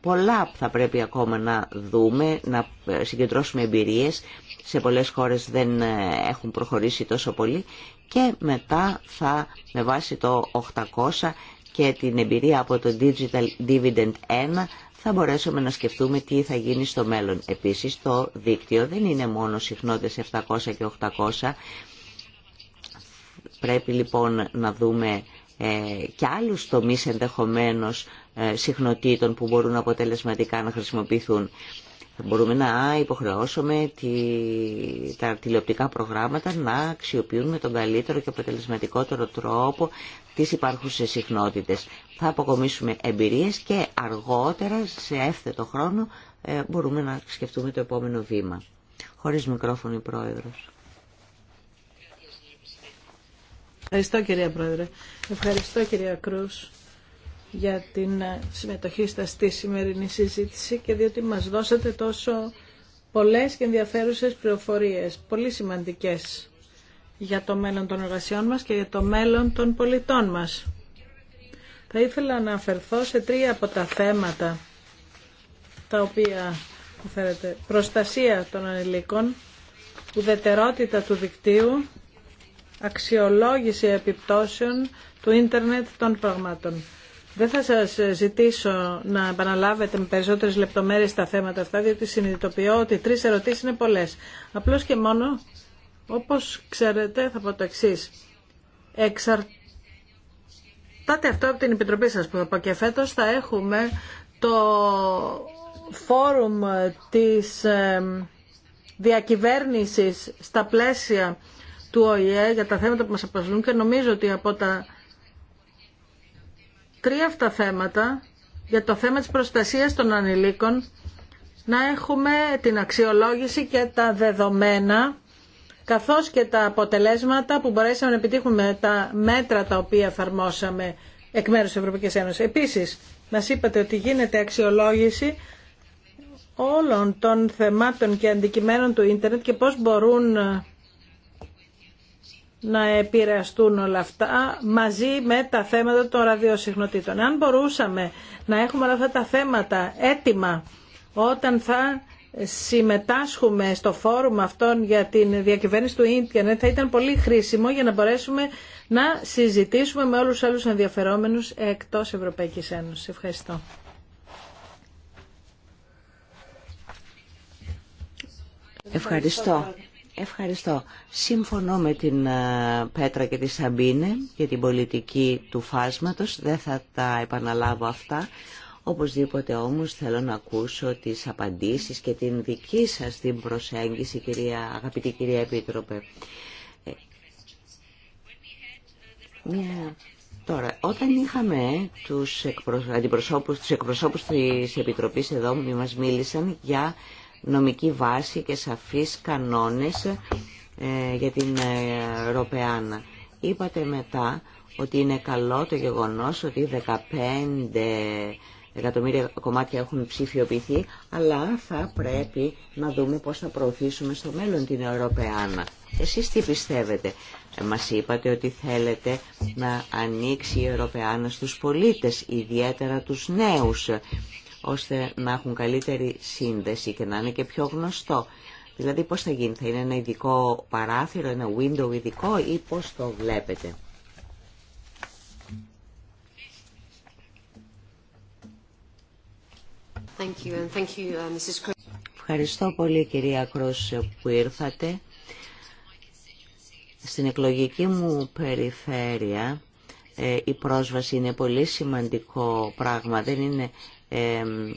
Πολλά θα πρέπει ακόμα να δούμε, να ε, συγκεντρώσουμε εμπειρίες. Σε πολλές χώρες δεν ε, έχουν προχωρήσει τόσο πολύ και μετά θα με βάση το 800 και την εμπειρία από το Digital Dividend 1 θα μπορέσουμε να σκεφτούμε τι θα γίνει στο μέλλον. Επίσης το δίκτυο δεν είναι μόνο συχνότητες 700 και 800. Πρέπει λοιπόν να δούμε ε, και άλλους τομείς ενδεχομένως ε, συχνοτήτων που μπορούν αποτελεσματικά να χρησιμοποιηθούν. Μπορούμε να υποχρεώσουμε τη, τα τηλεοπτικά προγράμματα να αξιοποιούν με τον καλύτερο και αποτελεσματικότερο τρόπο τις υπάρχουσες συχνότητες. Θα αποκομίσουμε εμπειρίες και αργότερα σε εύθετο χρόνο ε, μπορούμε να σκεφτούμε το επόμενο βήμα. Χωρίς μικρόφωνο η Πρόεδρος. Ευχαριστώ κυρία Πρόεδρε. Ευχαριστώ κυρία Κρούς για την συμμετοχή σας στη σημερινή συζήτηση και διότι μας δώσατε τόσο πολλές και ενδιαφέρουσες πληροφορίες, πολύ σημαντικές για το μέλλον των εργασιών μας και για το μέλλον των πολιτών μας. Θα ήθελα να αφερθώ σε τρία από τα θέματα τα οποία Προστασία των ανηλίκων, ουδετερότητα του δικτύου, αξιολόγηση επιπτώσεων του ίντερνετ των πραγμάτων. Δεν θα σας ζητήσω να επαναλάβετε με περισσότερες λεπτομέρειες τα θέματα αυτά, διότι συνειδητοποιώ ότι τρεις ερωτήσεις είναι πολλές. Απλώς και μόνο, όπως ξέρετε, θα πω το εξή. Εξαρτάται αυτό από την Επιτροπή σας που πω και φέτος θα έχουμε το φόρουμ της διακυβέρνησης στα πλαίσια του ΟΗΕ για τα θέματα που μας απασχολούν και νομίζω ότι από τα τρία αυτά θέματα για το θέμα της προστασίας των ανηλίκων να έχουμε την αξιολόγηση και τα δεδομένα καθώς και τα αποτελέσματα που μπορέσαμε να επιτύχουμε τα μέτρα τα οποία εφαρμόσαμε εκ μέρους της Ευρωπαϊκής Ένωσης. Επίσης, μας είπατε ότι γίνεται αξιολόγηση όλων των θεμάτων και αντικειμένων του ίντερνετ και πώς μπορούν να επηρεαστούν όλα αυτά μαζί με τα θέματα των ραδιοσυχνοτήτων. Αν μπορούσαμε να έχουμε όλα αυτά τα θέματα έτοιμα όταν θα συμμετάσχουμε στο φόρουμ αυτόν για την διακυβέρνηση του ίντερνετ θα ήταν πολύ χρήσιμο για να μπορέσουμε να συζητήσουμε με όλους τους άλλους ενδιαφερόμενους εκτός Ευρωπαϊκής Ένωσης. Ευχαριστώ. Ευχαριστώ. Ευχαριστώ. Σύμφωνο με την ε, Πέτρα και τη Σαμπίνε για την πολιτική του φάσματος. Δεν θα τα επαναλάβω αυτά. Οπωσδήποτε όμως θέλω να ακούσω τις απαντήσεις και την δική σας την προσέγγιση, κυρία, αγαπητή κυρία Επίτροπε. Ε, μια... Τώρα, όταν είχαμε τους εκπροσώπους, τους εκπροσώπους της Επιτροπής εδώ, μας μίλησαν για νομική βάση και σαφείς κανόνες ε, για την ε, Ροπεάνα. Είπατε μετά ότι είναι καλό το γεγονός ότι 15 εκατομμύρια κομμάτια έχουν ψηφιοποιηθεί, αλλά θα πρέπει να δούμε πώς θα προωθήσουμε στο μέλλον την Ευρωπαϊκή. Εσείς τι πιστεύετε. Ε, μας είπατε ότι θέλετε να ανοίξει η Ευρωπαϊκή στους πολίτες, ιδιαίτερα τους νέους ώστε να έχουν καλύτερη σύνδεση και να είναι και πιο γνωστό. Δηλαδή πώς θα γίνει, θα είναι ένα ειδικό παράθυρο, ένα window ειδικό ή πώς το βλέπετε. Uh, Ευχαριστώ πολύ κυρία Κρούς που ήρθατε. Στην εκλογική μου περιφέρεια ε, η πρόσβαση είναι πολύ σημαντικό πράγμα. Δεν είναι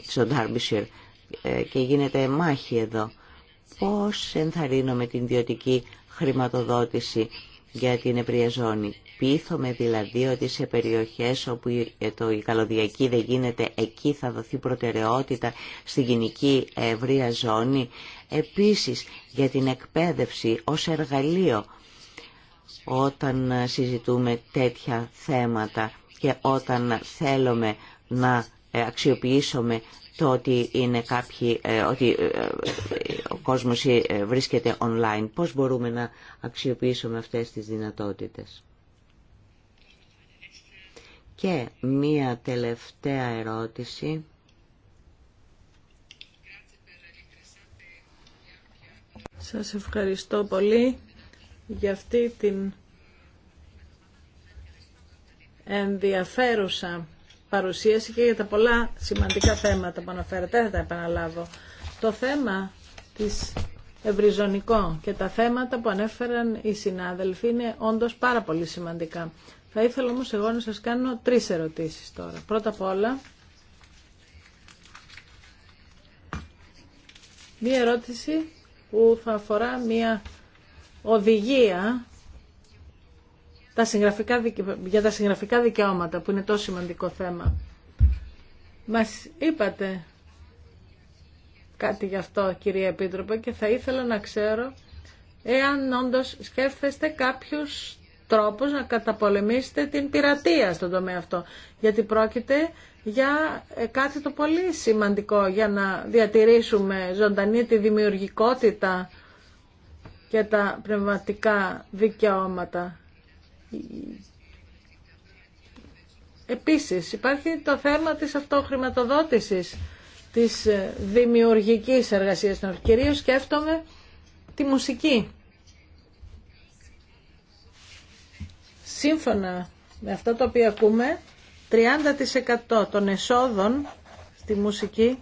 στο Ντάρμπισιρ ε, και γίνεται μάχη εδώ. Πώς με την ιδιωτική χρηματοδότηση για την ευρεία ζώνη. Πείθομαι δηλαδή ότι σε περιοχές όπου ε, το, η καλωδιακή δεν γίνεται, εκεί θα δοθεί προτεραιότητα στην κοινική ευρεία ζώνη. Επίσης για την εκπαίδευση ως εργαλείο όταν συζητούμε τέτοια θέματα και όταν θέλουμε να ε, αξιοποιήσουμε το ότι, είναι κάποιοι, ε, ότι ε, ο κόσμος βρίσκεται online. Πώς μπορούμε να αξιοποιήσουμε αυτές τις δυνατότητες. Και μία τελευταία ερώτηση. Σας ευχαριστώ πολύ για αυτή την ενδιαφέρουσα παρουσίαση και για τα πολλά σημαντικά θέματα που αναφέρατε. Δεν θα τα επαναλάβω. Το θέμα της ευρυζωνικό και τα θέματα που ανέφεραν οι συνάδελφοι είναι όντως πάρα πολύ σημαντικά. Θα ήθελα όμως εγώ να σας κάνω τρεις ερωτήσεις τώρα. Πρώτα απ' όλα, μία ερώτηση που θα αφορά μία οδηγία τα συγγραφικά, για τα συγγραφικά δικαιώματα που είναι τόσο σημαντικό θέμα. Μας είπατε κάτι γι' αυτό κυρία Επίτροπε και θα ήθελα να ξέρω εάν όντως σκέφτεστε κάποιους τρόπους να καταπολεμήσετε την πειρατεία στον τομέα αυτό. Γιατί πρόκειται για ε, κάτι το πολύ σημαντικό για να διατηρήσουμε ζωντανή τη δημιουργικότητα και τα πνευματικά δικαιώματα. Επίσης υπάρχει το θέμα της αυτοχρηματοδότησης της ε, δημιουργικής εργασίας των κυρίως σκέφτομαι τη μουσική. Σύμφωνα με αυτό το οποίο ακούμε, 30% των εσόδων στη μουσική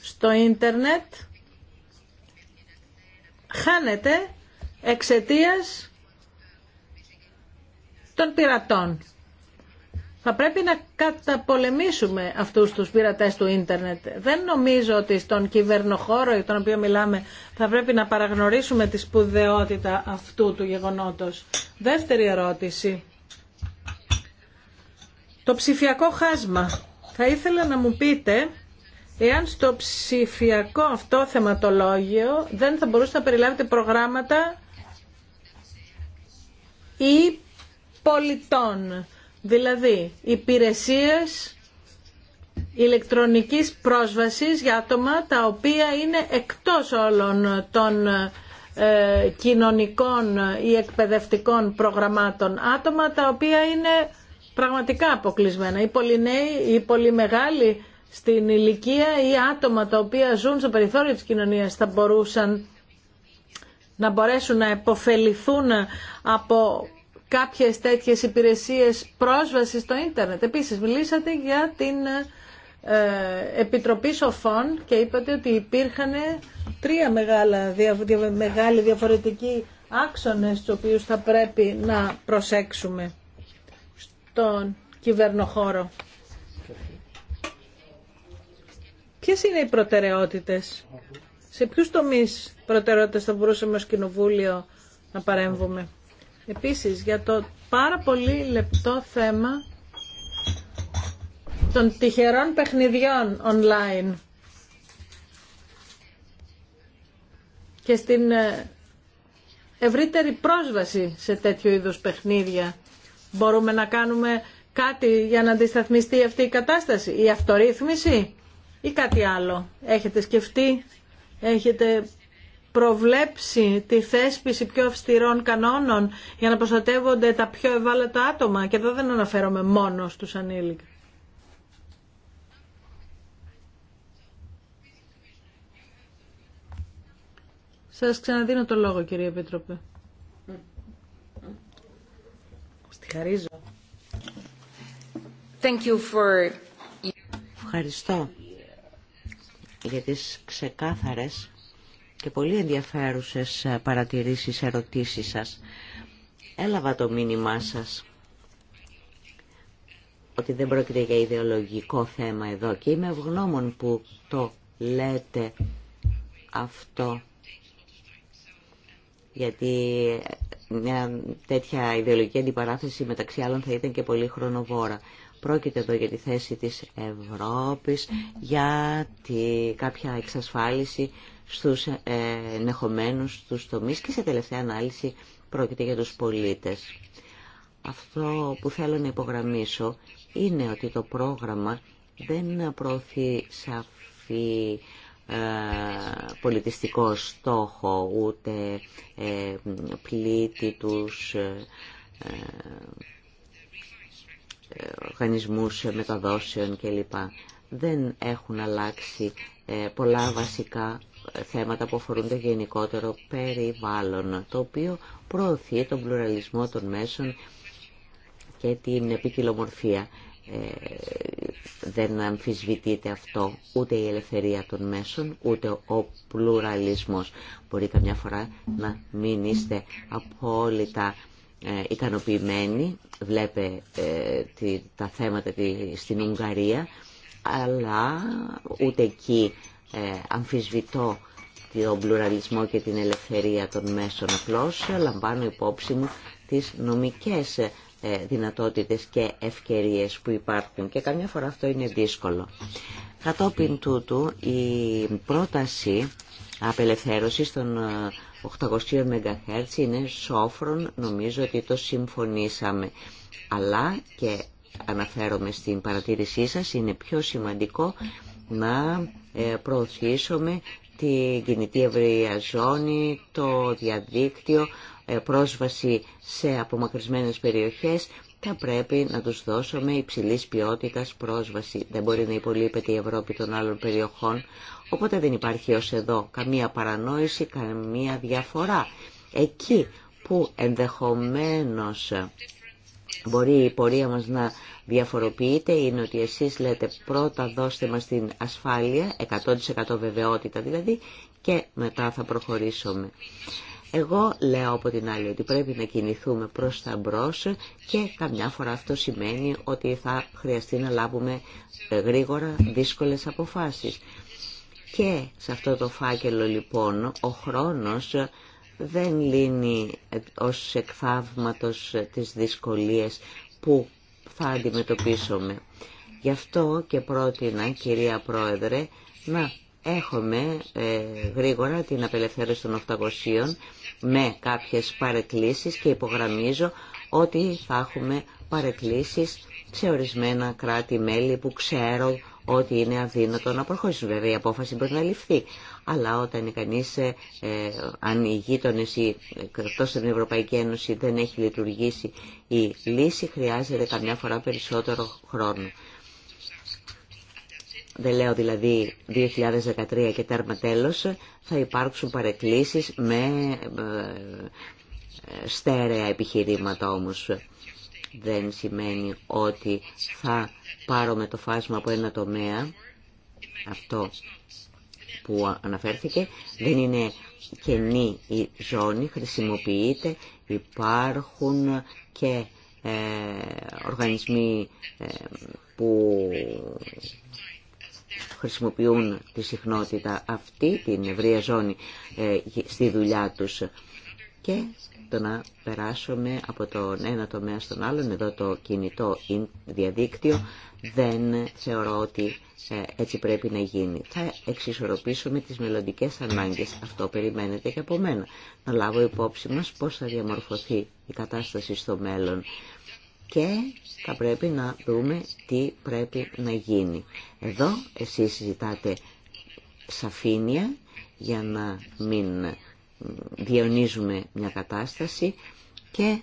στο ίντερνετ χάνεται εξαιτίας των πειρατών. Θα πρέπει να καταπολεμήσουμε αυτούς τους πειρατές του ίντερνετ. Δεν νομίζω ότι στον κυβερνοχώρο για τον οποίο μιλάμε θα πρέπει να παραγνωρίσουμε τη σπουδαιότητα αυτού του γεγονότος. Δεύτερη ερώτηση. Το ψηφιακό χάσμα. Θα ήθελα να μου πείτε εάν στο ψηφιακό αυτό θεματολόγιο δεν θα μπορούσε να περιλάβετε προγράμματα ή πολιτών, δηλαδή υπηρεσίες ηλεκτρονικής πρόσβασης για άτομα τα οποία είναι εκτός όλων των ε, κοινωνικών ή εκπαιδευτικών προγραμμάτων άτομα τα οποία είναι πραγματικά αποκλεισμένα. ή πολύ νέοι, ή πολύ μεγάλοι στην ηλικία ή άτομα τα οποία ζουν στο περιθώριο της κοινωνίας θα μπορούσαν να μπορέσουν να επωφεληθούν από κάποιες τέτοιες υπηρεσίες πρόσβασης στο ίντερνετ. Επίσης, μιλήσατε για την ε, Επιτροπή Σοφών και είπατε ότι υπήρχαν τρία μεγάλα, μεγάλη διαφορετικοί άξονες του οποίους θα πρέπει να προσέξουμε στον κυβερνοχώρο. Ποιε είναι οι προτεραιότητες, σε ποιου τομεί προτεραιότητε θα μπορούσαμε ω Κοινοβούλιο να παρέμβουμε. Επίσης, για το πάρα πολύ λεπτό θέμα των τυχερών παιχνιδιών online και στην ε, ευρύτερη πρόσβαση σε τέτοιου είδους παιχνίδια. Μπορούμε να κάνουμε κάτι για να αντισταθμιστεί αυτή η κατάσταση, η αυτορύθμιση ή κάτι άλλο. Έχετε σκεφτεί, έχετε προβλέψει τη θέσπιση πιο αυστηρών κανόνων για να προστατεύονται τα πιο ευάλωτα άτομα και εδώ δεν αναφέρομαι μόνο στους ανήλικες. Σας ξαναδίνω το λόγο κύριε Επίτροπε. Στη χαρίζω. Thank you for... Ευχαριστώ για τις ξεκάθαρες και πολύ ενδιαφέρουσες ε, παρατηρήσεις, ερωτήσεις σας. Έλαβα το μήνυμά σας ότι δεν πρόκειται για ιδεολογικό θέμα εδώ και είμαι ευγνώμων που το λέτε αυτό γιατί μια τέτοια ιδεολογική αντιπαράθεση μεταξύ άλλων θα ήταν και πολύ χρονοβόρα. Πρόκειται εδώ για τη θέση της Ευρώπης, για τη, κάποια εξασφάλιση στους ε, ενεχομένους τους τομείς και σε τελευταία ανάλυση πρόκειται για τους πολίτες. Αυτό που θέλω να υπογραμμίσω είναι ότι το πρόγραμμα δεν προωθεί σαφή ε, πολιτιστικό στόχο, ούτε ε, πλήττει τους ε, οργανισμούς μεταδόσεων κλπ. Δεν έχουν αλλάξει ε, πολλά βασικά θέματα που αφορούν το γενικότερο περιβάλλον, το οποίο προωθεί τον πλουραλισμό των μέσων και την επικοινομορφία. Ε, δεν αμφισβητείται αυτό ούτε η ελευθερία των μέσων, ούτε ο πλουραλισμός. Μπορεί καμιά φορά να μην είστε απόλυτα ε, ικανοποιημένη, βλέπε ε, τα θέματα στην Ουγγαρία, αλλά ούτε εκεί ε, αμφισβητώ τον πλουραλισμό και την ελευθερία των μέσων. Απλώς λαμβάνω υπόψη μου τις νομικές δυνατότητες και ευκαιρίες που υπάρχουν και καμιά φορά αυτό είναι δύσκολο. Κατόπιν τούτου η πρόταση απελευθέρωσης των 800 MHz είναι σόφρον, νομίζω ότι το συμφωνήσαμε. Αλλά και αναφέρομαι στην παρατήρησή σας, είναι πιο σημαντικό να ε, προωθήσουμε την κινητή ευρεία ζώνη, το διαδίκτυο, ε, πρόσβαση σε απομακρυσμένες περιοχές θα πρέπει να τους δώσουμε υψηλής ποιότητας πρόσβαση. Δεν μπορεί να υπολείπεται η Ευρώπη των άλλων περιοχών Οπότε δεν υπάρχει ως εδώ καμία παρανόηση, καμία διαφορά. Εκεί που ενδεχομένως μπορεί η πορεία μας να διαφοροποιείται είναι ότι εσείς λέτε πρώτα δώστε μας την ασφάλεια, 100% βεβαιότητα δηλαδή, και μετά θα προχωρήσουμε. Εγώ λέω από την άλλη ότι πρέπει να κινηθούμε προς τα μπρος και καμιά φορά αυτό σημαίνει ότι θα χρειαστεί να λάβουμε γρήγορα δύσκολες αποφάσεις. Και σε αυτό το φάκελο λοιπόν ο χρόνος δεν λύνει ως εκφαύματος τις δυσκολίες που θα αντιμετωπίσουμε. Γι' αυτό και πρότεινα, κυρία Πρόεδρε, να έχουμε ε, γρήγορα την απελευθέρωση των 800 με κάποιες παρεκκλήσεις και υπογραμμίζω ότι θα έχουμε παρεκκλήσεις σε ορισμένα κράτη-μέλη που ξέρω ότι είναι αδύνατο να προχωρήσουν. Βέβαια η απόφαση μπορεί να ληφθεί. Αλλά όταν κανεί ε, ε, αν οι γείτονε ή εκτό από την Ευρωπαϊκή Ένωση δεν έχει λειτουργήσει, η λύση χρειάζεται καμιά φορά περισσότερο χρόνο. Δεν λέω δηλαδή 2013 και τέρμα τέλος, θα υπάρξουν παρεκκλήσεις με ε, στέρεα επιχειρήματα όμως. Δεν σημαίνει ότι θα πάρω με το φάσμα από ένα τομέα, αυτό που αναφέρθηκε, δεν είναι κενή η ζώνη, χρησιμοποιείται, υπάρχουν και ε, οργανισμοί ε, που χρησιμοποιούν τη συχνότητα αυτή, την ευρεία ζώνη, ε, στη δουλειά τους και το να περάσουμε από τον ένα τομέα στον άλλον, εδώ το κινητό διαδίκτυο, δεν θεωρώ ότι ε, έτσι πρέπει να γίνει. Θα εξισορροπήσουμε τις μελλοντικέ ανάγκες, αυτό περιμένετε και από μένα. Να λάβω υπόψη μας πώς θα διαμορφωθεί η κατάσταση στο μέλλον και θα πρέπει να δούμε τι πρέπει να γίνει. Εδώ εσείς ζητάτε σαφήνεια για να μην διαιωνίζουμε μια κατάσταση και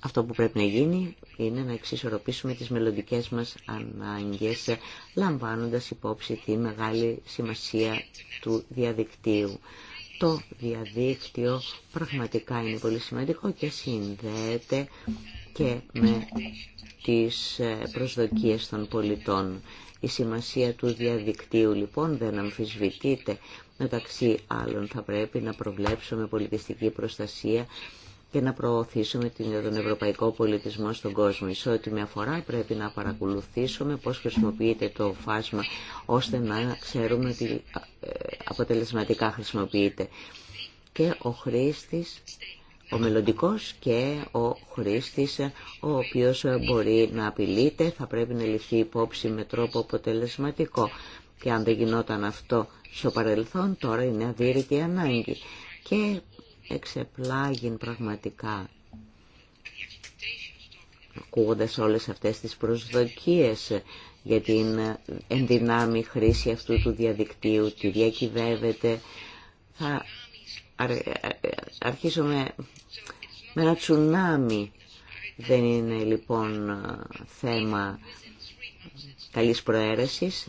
αυτό που πρέπει να γίνει είναι να εξισορροπήσουμε τις μελλοντικέ μας ανάγκες λαμβάνοντας υπόψη τη μεγάλη σημασία του διαδικτύου. Το διαδίκτυο πραγματικά είναι πολύ σημαντικό και συνδέεται και με τις προσδοκίες των πολιτών. Η σημασία του διαδικτύου λοιπόν δεν αμφισβητείται. Μεταξύ άλλων θα πρέπει να προβλέψουμε πολιτιστική προστασία και να προωθήσουμε τον ευρωπαϊκό πολιτισμό στον κόσμο. Σε ό,τι με αφορά πρέπει να παρακολουθήσουμε πώς χρησιμοποιείται το φάσμα ώστε να ξέρουμε ότι ε, αποτελεσματικά χρησιμοποιείται. Και ο χρήστης ο μελλοντικός και ο χρήστης, ο οποίος μπορεί να απειλείται, θα πρέπει να ληφθεί υπόψη με τρόπο αποτελεσματικό. Και αν δεν γινόταν αυτό στο παρελθόν, τώρα είναι αδύρυτη ανάγκη. Και εξεπλάγει πραγματικά, ακούγοντας όλες αυτές τις προσδοκίες για την ενδυνάμει χρήση αυτού του διαδικτύου, τη διακυβεύεται, θα αρχίσουμε με ένα τσουνάμι. Δεν είναι λοιπόν θέμα καλής προαίρεσης.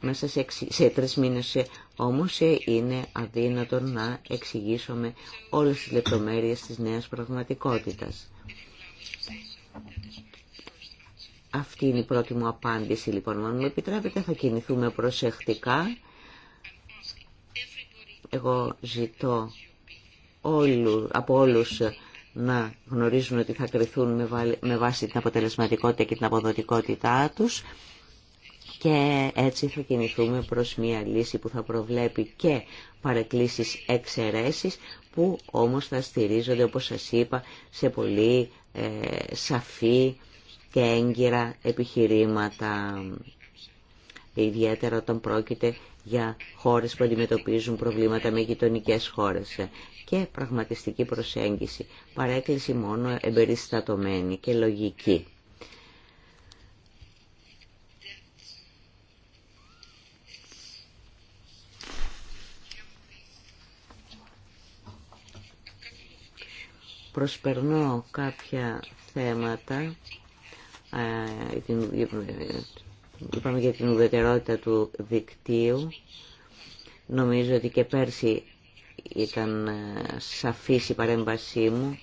Μέσα σε, εξι... σε τρεις μήνες ε, όμως ε, είναι αδύνατο να εξηγήσουμε όλες τις λεπτομέρειες της νέας πραγματικότητας. Αυτή είναι η πρώτη μου απάντηση λοιπόν. Αν μου επιτρέπετε θα κινηθούμε προσεκτικά. Εγώ ζητώ όλου, από όλους να γνωρίζουν ότι θα κρυθούν με βάση την αποτελεσματικότητα και την αποδοτικότητά τους και έτσι θα κινηθούμε προς μια λύση που θα προβλέπει και παρεκκλήσεις εξαιρέσεις που όμως θα στηρίζονται όπως σας είπα σε πολύ ε, σαφή και έγκυρα επιχειρήματα ιδιαίτερα όταν πρόκειται για χώρες που αντιμετωπίζουν προβλήματα με γειτονικέ χώρες και πραγματιστική προσέγγιση, παρέκκληση μόνο εμπεριστατωμένη και λογική. Προσπερνώ κάποια θέματα ε, είπαμε για την ουδετερότητα του δικτύου. Νομίζω ότι και πέρσι ήταν ε, σαφής η παρέμβασή μου.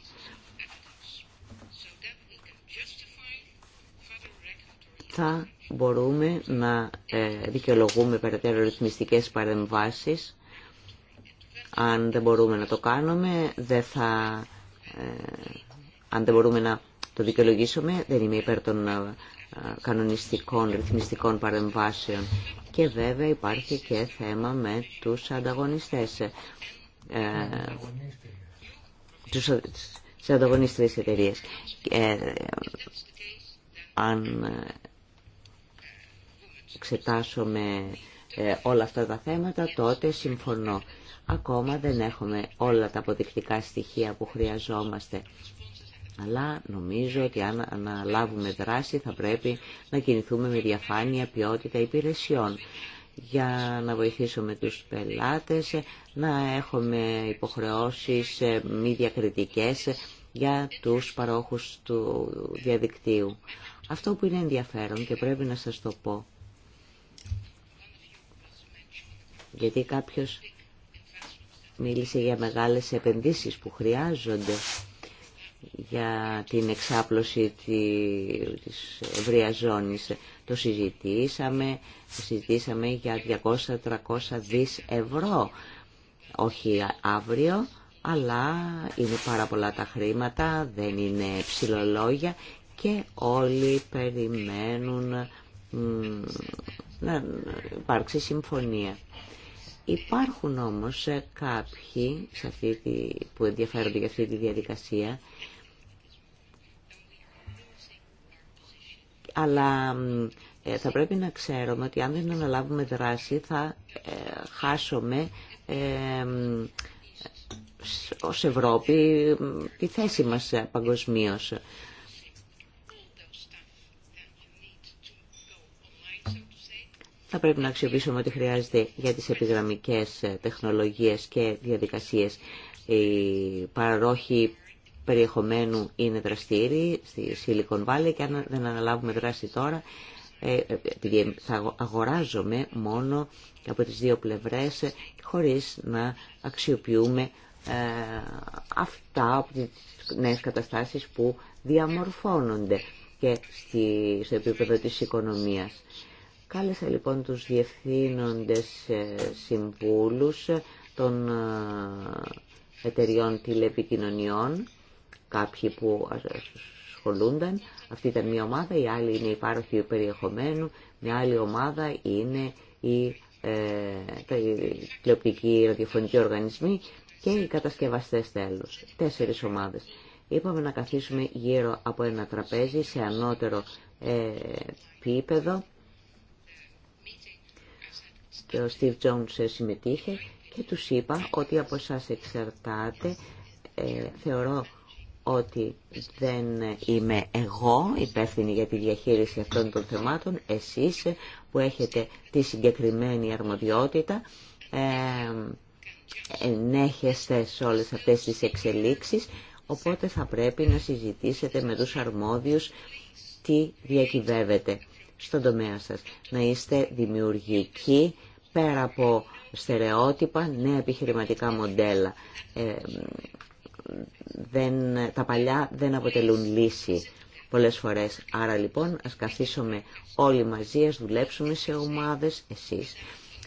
Θα μπορούμε να ε, δικαιολογούμε περαιτέρω ρυθμιστικές παρεμβάσεις. Αν δεν μπορούμε να το κάνουμε, δεν θα... Ε, αν δεν μπορούμε να το δικαιολογήσουμε, δεν είμαι υπέρ των κανονιστικών, ρυθμιστικών παρεμβάσεων. Και βέβαια υπάρχει και θέμα με τους ανταγωνιστές. Ε, τους, τους εταιρείες. Ε, αν εξετάσουμε ε, όλα αυτά τα θέματα, τότε συμφωνώ. Ακόμα δεν έχουμε όλα τα αποδεικτικά στοιχεία που χρειαζόμαστε αλλά νομίζω ότι αν λάβουμε δράση θα πρέπει να κινηθούμε με διαφάνεια ποιότητα υπηρεσιών για να βοηθήσουμε τους πελάτες, να έχουμε υποχρεώσεις ε, μη διακριτικές για τους παρόχους του διαδικτύου. Αυτό που είναι ενδιαφέρον και πρέπει να σας το πω, γιατί κάποιος μίλησε για μεγάλες επενδύσεις που χρειάζονται για την εξάπλωση της ευρεία ζώνης. Το συζητήσαμε, συζητήσαμε για 200-300 δις ευρώ. Όχι αύριο, αλλά είναι πάρα πολλά τα χρήματα, δεν είναι ψηλολόγια και όλοι περιμένουν να υπάρξει συμφωνία. Υπάρχουν όμως κάποιοι σε αυτή που ενδιαφέρονται για αυτή τη διαδικασία Αλλά ε, θα πρέπει να ξέρουμε ότι αν δεν αναλάβουμε δράση θα ε, χάσουμε ε, ως Ευρώπη τη θέση μας παγκοσμίω. Θα πρέπει να αξιοποιήσουμε ό,τι χρειάζεται για τις επιγραμμικές τεχνολογίες και διαδικασίες. Οι περιεχομένου είναι δραστήριοι στη Silicon Valley και αν δεν αναλάβουμε δράση τώρα, ε, ε, θα αγοράζομαι μόνο από τις δύο πλευρές ε, χωρίς να αξιοποιούμε αυτά από τις νέες καταστάσεις που διαμορφώνονται και στη, στο επίπεδο της οικονομίας. Κάλεσα λοιπόν τους διευθύνοντες συμβούλους των εταιριών τηλεπικοινωνιών κάποιοι που ασχολούνταν. Αυτή ήταν μια ομάδα, η άλλη είναι η πάροχη περιεχομένου, μια άλλη ομάδα είναι η ε, ραδιοφωνικοί οργανισμοί και οι κατασκευαστές τέλους. Τέσσερις ομάδες. Είπαμε να καθίσουμε γύρω από ένα τραπέζι σε ανώτερο ε, επίπεδο και ο Steve Jones ε, συμμετείχε και τους είπα ότι από εσάς εξαρτάται, ε, θεωρώ ότι δεν είμαι εγώ υπεύθυνη για τη διαχείριση αυτών των θεμάτων, εσείς που έχετε τη συγκεκριμένη αρμοδιότητα, ενέχεστε σε όλες αυτές τις εξελίξεις, οπότε θα πρέπει να συζητήσετε με τους αρμόδιους τι διακυβεύεται στον τομέα σας. Να είστε δημιουργικοί πέρα από στερεότυπα, νέα επιχειρηματικά μοντέλα δεν, τα παλιά δεν αποτελούν λύση πολλές φορές. Άρα λοιπόν ας καθίσουμε όλοι μαζί, ας δουλέψουμε σε ομάδες εσείς.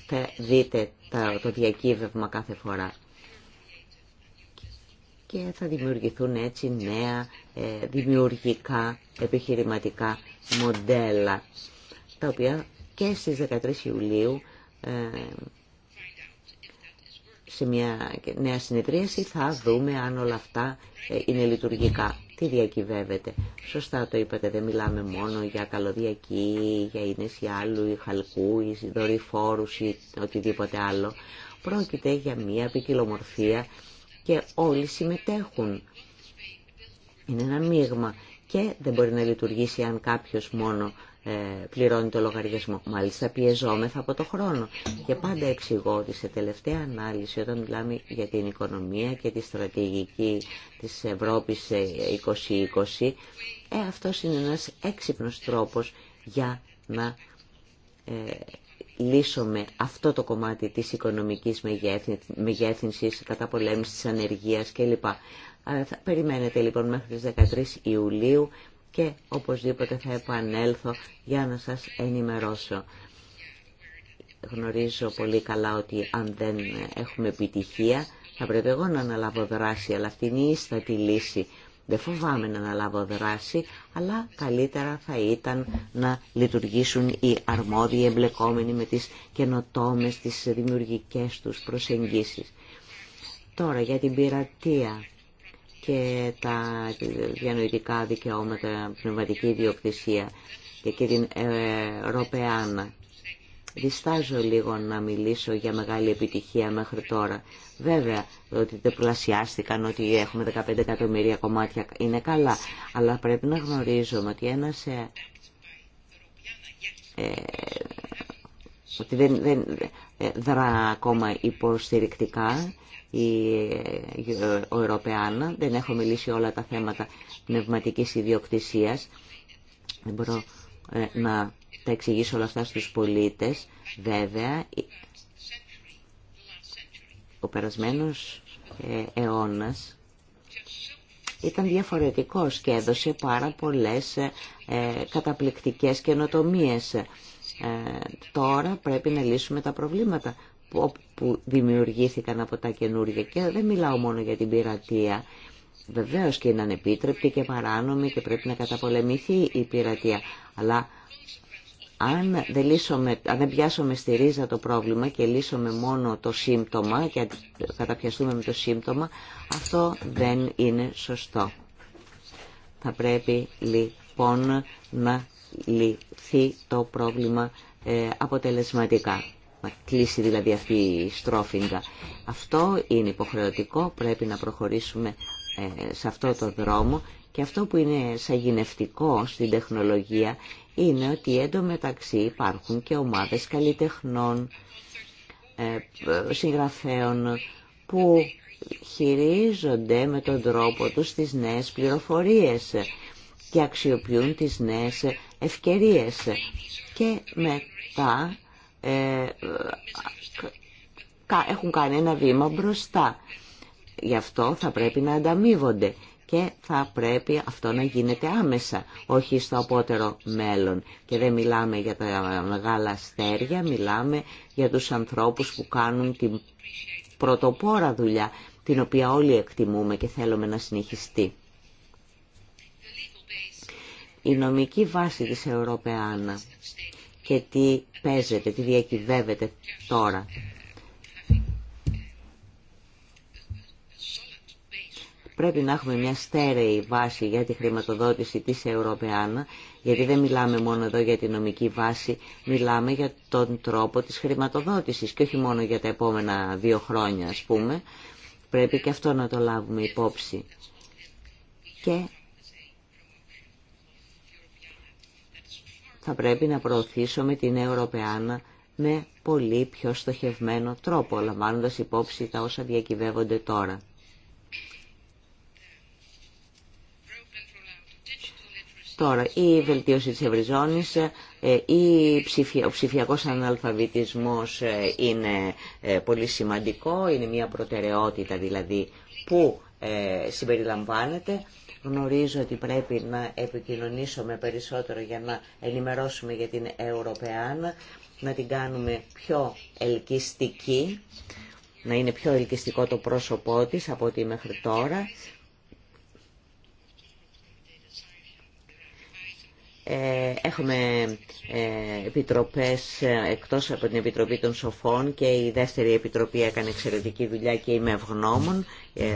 Θα δείτε το διακύβευμα κάθε φορά. Και θα δημιουργηθούν έτσι νέα ε, δημιουργικά επιχειρηματικά μοντέλα, τα οποία και στις 13 Ιουλίου ε, σε μια νέα συνεδρίαση θα δούμε αν όλα αυτά ε, είναι λειτουργικά. Τι διακυβεύεται. Σωστά το είπατε, δεν μιλάμε μόνο για καλωδιακή, για ίνες ή άλλου, ή χαλκού, ή δορυφόρους ή οτιδήποτε άλλο. Πρόκειται για μια ποικιλομορφία και όλοι συμμετέχουν. Είναι ένα μείγμα και δεν μπορεί να λειτουργήσει αν κάποιος μόνο ε, πληρώνει το λογαριασμό. Μάλιστα πιεζόμεθα από το χρόνο. Και πάντα εξηγώ ότι σε τελευταία ανάλυση όταν μιλάμε για την οικονομία και τη στρατηγική της Ευρώπης 2020, ε, αυτός είναι ένας έξυπνος τρόπος για να ε, λύσουμε αυτό το κομμάτι της οικονομικής μεγέθυνσης, καταπολέμησης της ανεργίας κλπ. Ε, περιμένετε λοιπόν μέχρι τις 13 Ιουλίου και οπωσδήποτε θα επανέλθω για να σας ενημερώσω. Γνωρίζω πολύ καλά ότι αν δεν έχουμε επιτυχία θα πρέπει εγώ να αναλάβω δράση, αλλά αυτή είναι η ίστατη λύση. Δεν φοβάμαι να αναλάβω δράση, αλλά καλύτερα θα ήταν να λειτουργήσουν οι αρμόδιοι εμπλεκόμενοι με τις καινοτόμες, τις δημιουργικές τους προσεγγίσεις. Τώρα για την πειρατεία και τα διανοητικά δικαιώματα, πνευματική ιδιοκτησία και, και την Ευρωπαϊκή. Διστάζω λίγο να μιλήσω για μεγάλη επιτυχία μέχρι τώρα. Βέβαια, ότι πλασιάστηκαν, ότι έχουμε 15 εκατομμύρια κομμάτια είναι καλά, αλλά πρέπει να γνωρίζουμε ότι ένα. Ε, ε, ότι δεν, δεν, δρά ακόμα υποστηρικτικά ε, ο Ευρωπαίανα. Δεν έχω μιλήσει όλα τα θέματα πνευματικής ιδιοκτησίας. Δεν μπορώ ε, να τα εξηγήσω όλα αυτά στους πολίτες. Βέβαια, ο περασμένος ε, αιώνας ήταν διαφορετικός και έδωσε πάρα πολλές καταπληκτικές καινοτομίες ε, τώρα πρέπει να λύσουμε τα προβλήματα που δημιουργήθηκαν από τα καινούργια και δεν μιλάω μόνο για την πειρατεία βεβαίω και είναι ανεπίτρεπτη και παράνομη και πρέπει να καταπολεμηθεί η πειρατεία αλλά αν δεν, λύσουμε, αν δεν πιάσουμε στη ρίζα το πρόβλημα και λύσουμε μόνο το σύμπτωμα και καταπιαστούμε με το σύμπτωμα αυτό δεν είναι σωστό θα πρέπει λοιπόν να λυθεί το πρόβλημα ε, αποτελεσματικά. Κλείσει δηλαδή αυτή η στρόφιγγα. Αυτό είναι υποχρεωτικό, πρέπει να προχωρήσουμε ε, σε αυτό το δρόμο και αυτό που είναι σαγηνευτικό στην τεχνολογία είναι ότι εντωμεταξύ υπάρχουν και ομάδες καλλιτεχνών, ε, συγγραφέων που χειρίζονται με τον τρόπο τους τις νέες πληροφορίες και αξιοποιούν τις νέες ευκαιρίες και μετά ε, έχουν κάνει ένα βήμα μπροστά. Γι' αυτό θα πρέπει να ανταμείβονται και θα πρέπει αυτό να γίνεται άμεσα, όχι στο απότερο μέλλον. Και δεν μιλάμε για τα μεγάλα αστέρια, μιλάμε για τους ανθρώπους που κάνουν την πρωτοπόρα δουλειά, την οποία όλοι εκτιμούμε και θέλουμε να συνεχιστεί η νομική βάση της Ευρωπαϊάνα και τι παίζεται, τι διακυβεύεται τώρα. Πρέπει να έχουμε μια στέρεη βάση για τη χρηματοδότηση της Ευρωπαϊάνα, γιατί δεν μιλάμε μόνο εδώ για τη νομική βάση, μιλάμε για τον τρόπο της χρηματοδότησης και όχι μόνο για τα επόμενα δύο χρόνια ας πούμε. Πρέπει και αυτό να το λάβουμε υπόψη. Και θα πρέπει να προωθήσουμε την Ευρωπαϊκή με πολύ πιο στοχευμένο τρόπο, λαμβάνοντα υπόψη τα όσα διακυβεύονται τώρα. Τώρα, η βελτίωση της ευρυζώνης, ε, ο ψηφιακός αναλφαβητισμός ε, είναι ε, πολύ σημαντικό, είναι μια προτεραιότητα δηλαδή που συμπεριλαμβάνεται Γνωρίζω ότι πρέπει να επικοινωνήσουμε περισσότερο για να ενημερώσουμε για την Ευρωπαϊκή, να την κάνουμε πιο ελκυστική, να είναι πιο ελκυστικό το πρόσωπό της από ό,τι μέχρι τώρα. Ε, έχουμε ε, επιτροπές ε, εκτός από την Επιτροπή των Σοφών και η δεύτερη επιτροπή έκανε εξαιρετική δουλειά και είμαι ευγνώμων.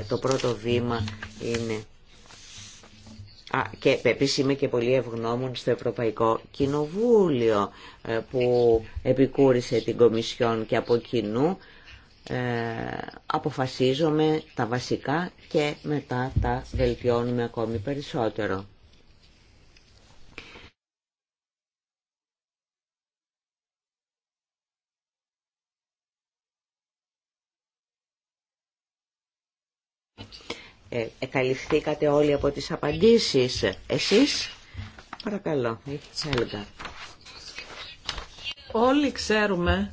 το πρώτο βήμα είναι Α, και επίσης είμαι και πολύ ευγνώμων στο Ευρωπαϊκό Κοινοβούλιο ε, που επικούρησε την Κομισιόν και από κοινού ε, αποφασίζομαι τα βασικά και μετά τα βελτιώνουμε ακόμη περισσότερο. Ε, εκαλυφθήκατε όλοι από τις απαντήσεις. Εσείς, παρακαλώ, Τσέλγκα. Όλοι ξέρουμε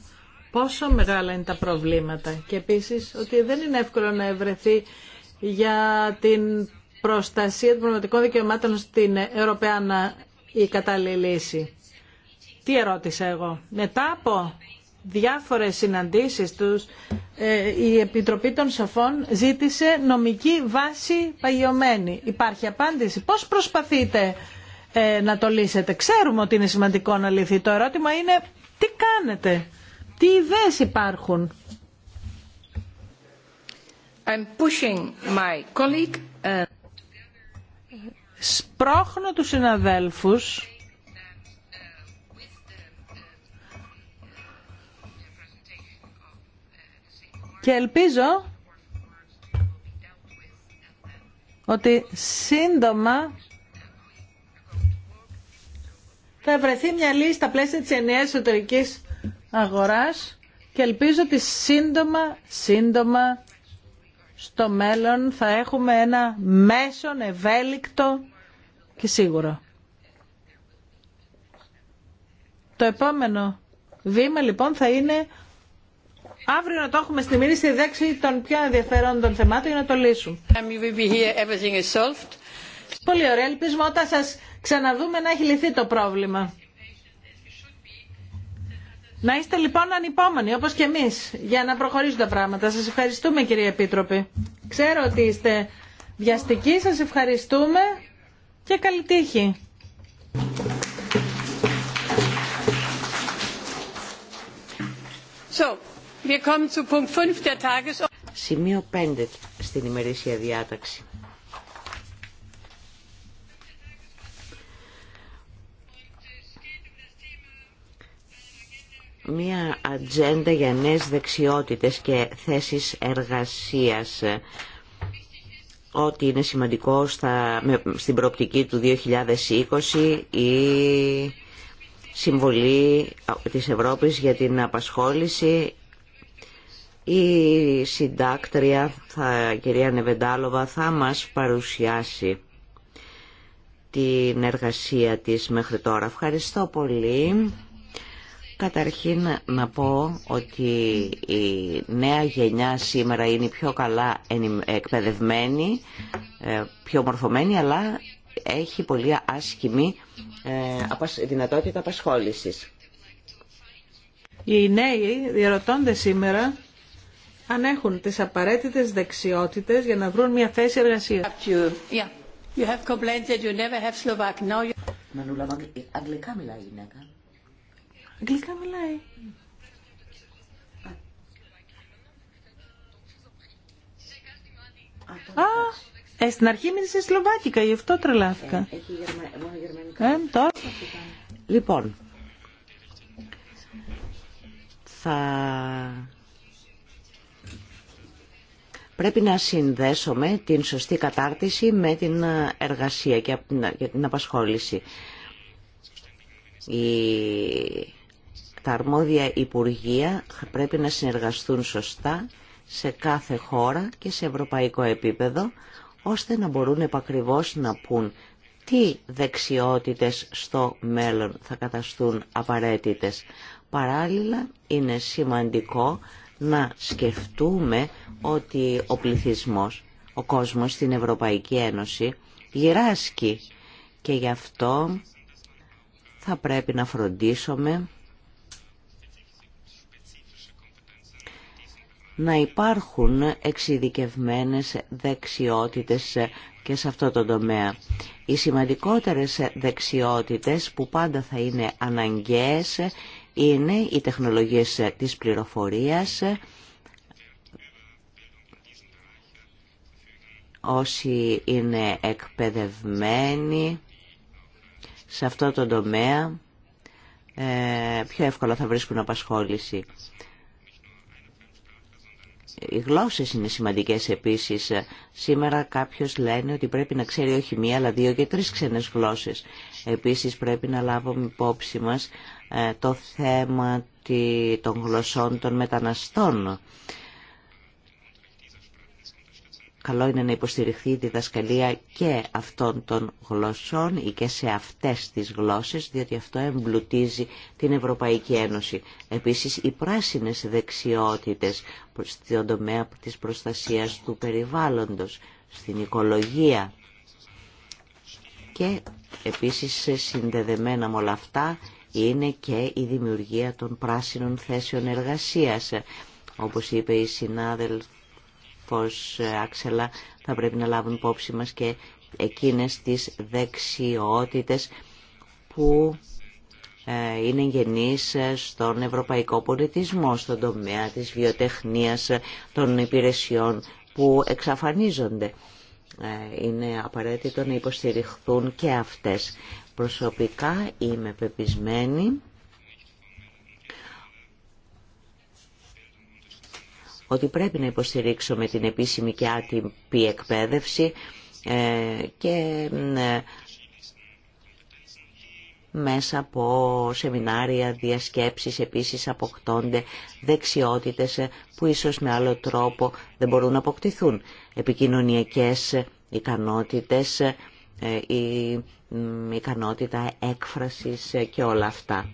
πόσο μεγάλα είναι τα προβλήματα και επίσης ότι δεν είναι εύκολο να ευρεθεί για την προστασία των πνευματικών δικαιωμάτων στην Ευρωπαϊκή η κατάλληλη λύση. Τι ερώτησα εγώ. Μετά από διάφορες συναντήσεις τους ε, η Επιτροπή των Σοφών ζήτησε νομική βάση παγιωμένη. Υπάρχει απάντηση. Πώς προσπαθείτε ε, να το λύσετε. Ξέρουμε ότι είναι σημαντικό να λυθεί. Το ερώτημα είναι τι κάνετε. Τι ιδέες υπάρχουν. I'm pushing my colleague. Ε, Σπρώχνω τους συναδέλφους και ελπίζω ότι σύντομα θα βρεθεί μια λύση στα πλαίσια της ενιαίας εσωτερικής αγοράς και ελπίζω ότι σύντομα, σύντομα στο μέλλον θα έχουμε ένα μέσον ευέλικτο και σίγουρο. Το επόμενο βήμα λοιπόν θα είναι αύριο να το έχουμε στη μήνυση δέξη των πιο ενδιαφέροντων θεμάτων για να το λύσουμε. Πολύ ωραία. Ελπίζουμε όταν σας ξαναδούμε να έχει λυθεί το πρόβλημα. Να είστε λοιπόν ανυπόμονοι, όπως και εμείς, για να προχωρήσουν τα πράγματα. Σας ευχαριστούμε κύριε Επίτροπη. Ξέρω ότι είστε βιαστικοί, σας ευχαριστούμε και καλή τύχη. So. Σημείο 5 στην ημερήσια διάταξη. Μία ατζέντα για νέες δεξιότητες και θέσεις εργασίας. Ό,τι είναι σημαντικό στην προοπτική του 2020 η συμβολή της Ευρώπης για την απασχόληση η συντάκτρια, θα, κυρία Νεβεντάλοβα, θα μας παρουσιάσει την εργασία της μέχρι τώρα. Ευχαριστώ πολύ. Καταρχήν να πω ότι η νέα γενιά σήμερα είναι πιο καλά εκπαιδευμένη, ε, πιο μορφωμένη, αλλά έχει πολύ άσχημη ε, δυνατότητα απασχόλησης. Οι νέοι διαρωτώνται σήμερα αν έχουν τις απαραίτητες δεξιότητες για να βρουν μια θέση εργασίας. Αγγλικά μιλάει η γυναίκα. Αγγλικά μιλάει. Α, ε, στην αρχή μίλησε Σλοβάκικα, γι' αυτό τρελάθηκα. Ε, ε τώρα... Λοιπόν, θα Πρέπει να συνδέσουμε την σωστή κατάρτιση με την εργασία και την απασχόληση. Η... Τα αρμόδια υπουργεία πρέπει να συνεργαστούν σωστά σε κάθε χώρα και σε ευρωπαϊκό επίπεδο, ώστε να μπορούν επακριβώς να πούν τι δεξιότητες στο μέλλον θα καταστούν απαραίτητες. Παράλληλα, είναι σημαντικό να σκεφτούμε ότι ο πληθυσμός, ο κόσμος στην Ευρωπαϊκή Ένωση γυράσκει και γι' αυτό θα πρέπει να φροντίσουμε να υπάρχουν εξειδικευμένες δεξιότητες και σε αυτό το τομέα. Οι σημαντικότερες δεξιότητες που πάντα θα είναι αναγκαίες είναι οι τεχνολογίες ε, της πληροφορίας. Όσοι είναι εκπαιδευμένοι σε αυτό το τομέα, ε, πιο εύκολα θα βρίσκουν απασχόληση. Οι γλώσσες είναι σημαντικές επίσης. Σήμερα κάποιος λένε ότι πρέπει να ξέρει όχι μία αλλά δύο και τρεις ξένες γλώσσες. Επίσης πρέπει να λάβουμε υπόψη μας ε, το θέμα των γλωσσών των μεταναστών. Καλό είναι να υποστηριχθεί η διδασκαλία και αυτών των γλωσσών ή και σε αυτές τις γλώσσες, διότι αυτό εμπλουτίζει την Ευρωπαϊκή Ένωση. Επίσης, οι πράσινες δεξιότητες στον τομέα της προστασίας του περιβάλλοντος, στην οικολογία και επίσης συνδεδεμένα με όλα αυτά είναι και η δημιουργία των πράσινων θέσεων εργασίας. Όπως είπε η συνάδελφος Άξελα, θα πρέπει να λάβουν υπόψη μας και εκείνες τις δεξιότητες που ε, είναι γενείς στον ευρωπαϊκό πολιτισμό, στον τομέα της βιοτεχνίας, των υπηρεσιών που εξαφανίζονται. Ε, είναι απαραίτητο να υποστηριχθούν και αυτές. Προσωπικά είμαι πεπισμένη ότι πρέπει να υποστηρίξουμε την επίσημη και άτυπη εκπαίδευση ε, και ε, μέσα από σεμινάρια, διασκέψεις επίσης αποκτώνται δεξιότητες που ίσως με άλλο τρόπο δεν μπορούν να αποκτηθούν. Επικοινωνιακές ικανότητες ε, η ικανότητα έκφρασης ε, και όλα αυτά.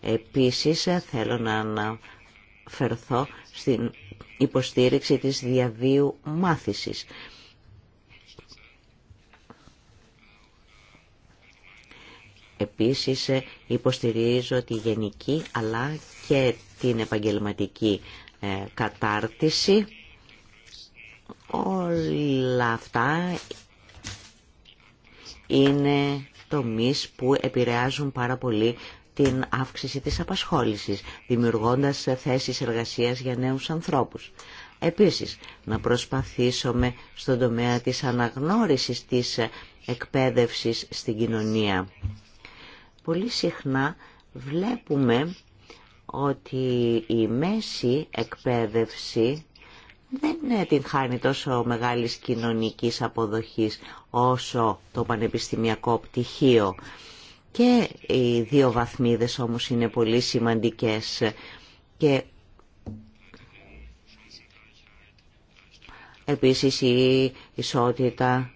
Επίσης ε, θέλω να αναφερθώ στην υποστήριξη της διαβίου μάθησης. Επίσης υποστηρίζω τη γενική αλλά και την επαγγελματική κατάρτιση. Όλα αυτά είναι τομείς που επηρεάζουν πάρα πολύ την αύξηση της απασχόλησης, δημιουργώντας θέσεις εργασίας για νέους ανθρώπους. Επίσης, να προσπαθήσουμε στον τομέα της αναγνώρισης της εκπαίδευσης στην κοινωνία. Πολύ συχνά βλέπουμε ότι η μέση εκπαίδευση δεν την χάνει τόσο μεγάλης κοινωνικής αποδοχής όσο το πανεπιστημιακό πτυχίο. Και οι δύο βαθμίδες όμως είναι πολύ σημαντικές και επίσης η ισότητα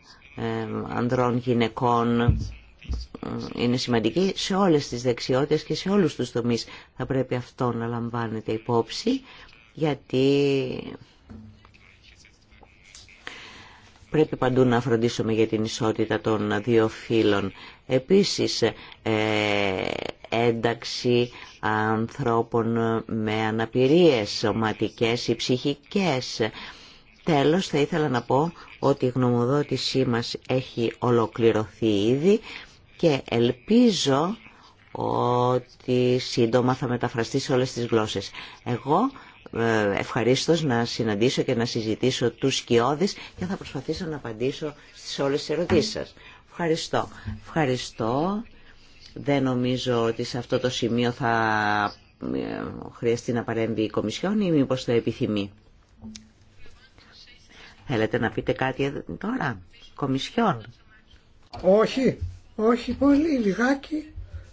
ανδρών γυναικών είναι σημαντική σε όλες τις δεξιότητες και σε όλους τους τομείς θα πρέπει αυτό να λαμβάνεται υπόψη γιατί Πρέπει παντού να φροντίσουμε για την ισότητα των δύο φύλων. Επίσης, ε, ένταξη ανθρώπων με αναπηρίες σωματικές ή ψυχικές. Τέλος, θα ήθελα να πω ότι η γνωμοδότησή μας έχει ολοκληρωθεί ήδη και ελπίζω ότι σύντομα θα μεταφραστεί σε όλες τις γλώσσες. Εγώ ε, ευχαρίστως να συναντήσω και να συζητήσω τους σκιώδεις και θα προσπαθήσω να απαντήσω στις όλες τις ερωτήσεις σας. Ευχαριστώ. Ευχαριστώ. Δεν νομίζω ότι σε αυτό το σημείο θα ε, χρειαστεί να παρέμβει η Κομισιόν ή μήπως το επιθυμεί. Θέλετε να πείτε κάτι τώρα, Κομισιόν. Όχι, όχι πολύ, λιγάκι,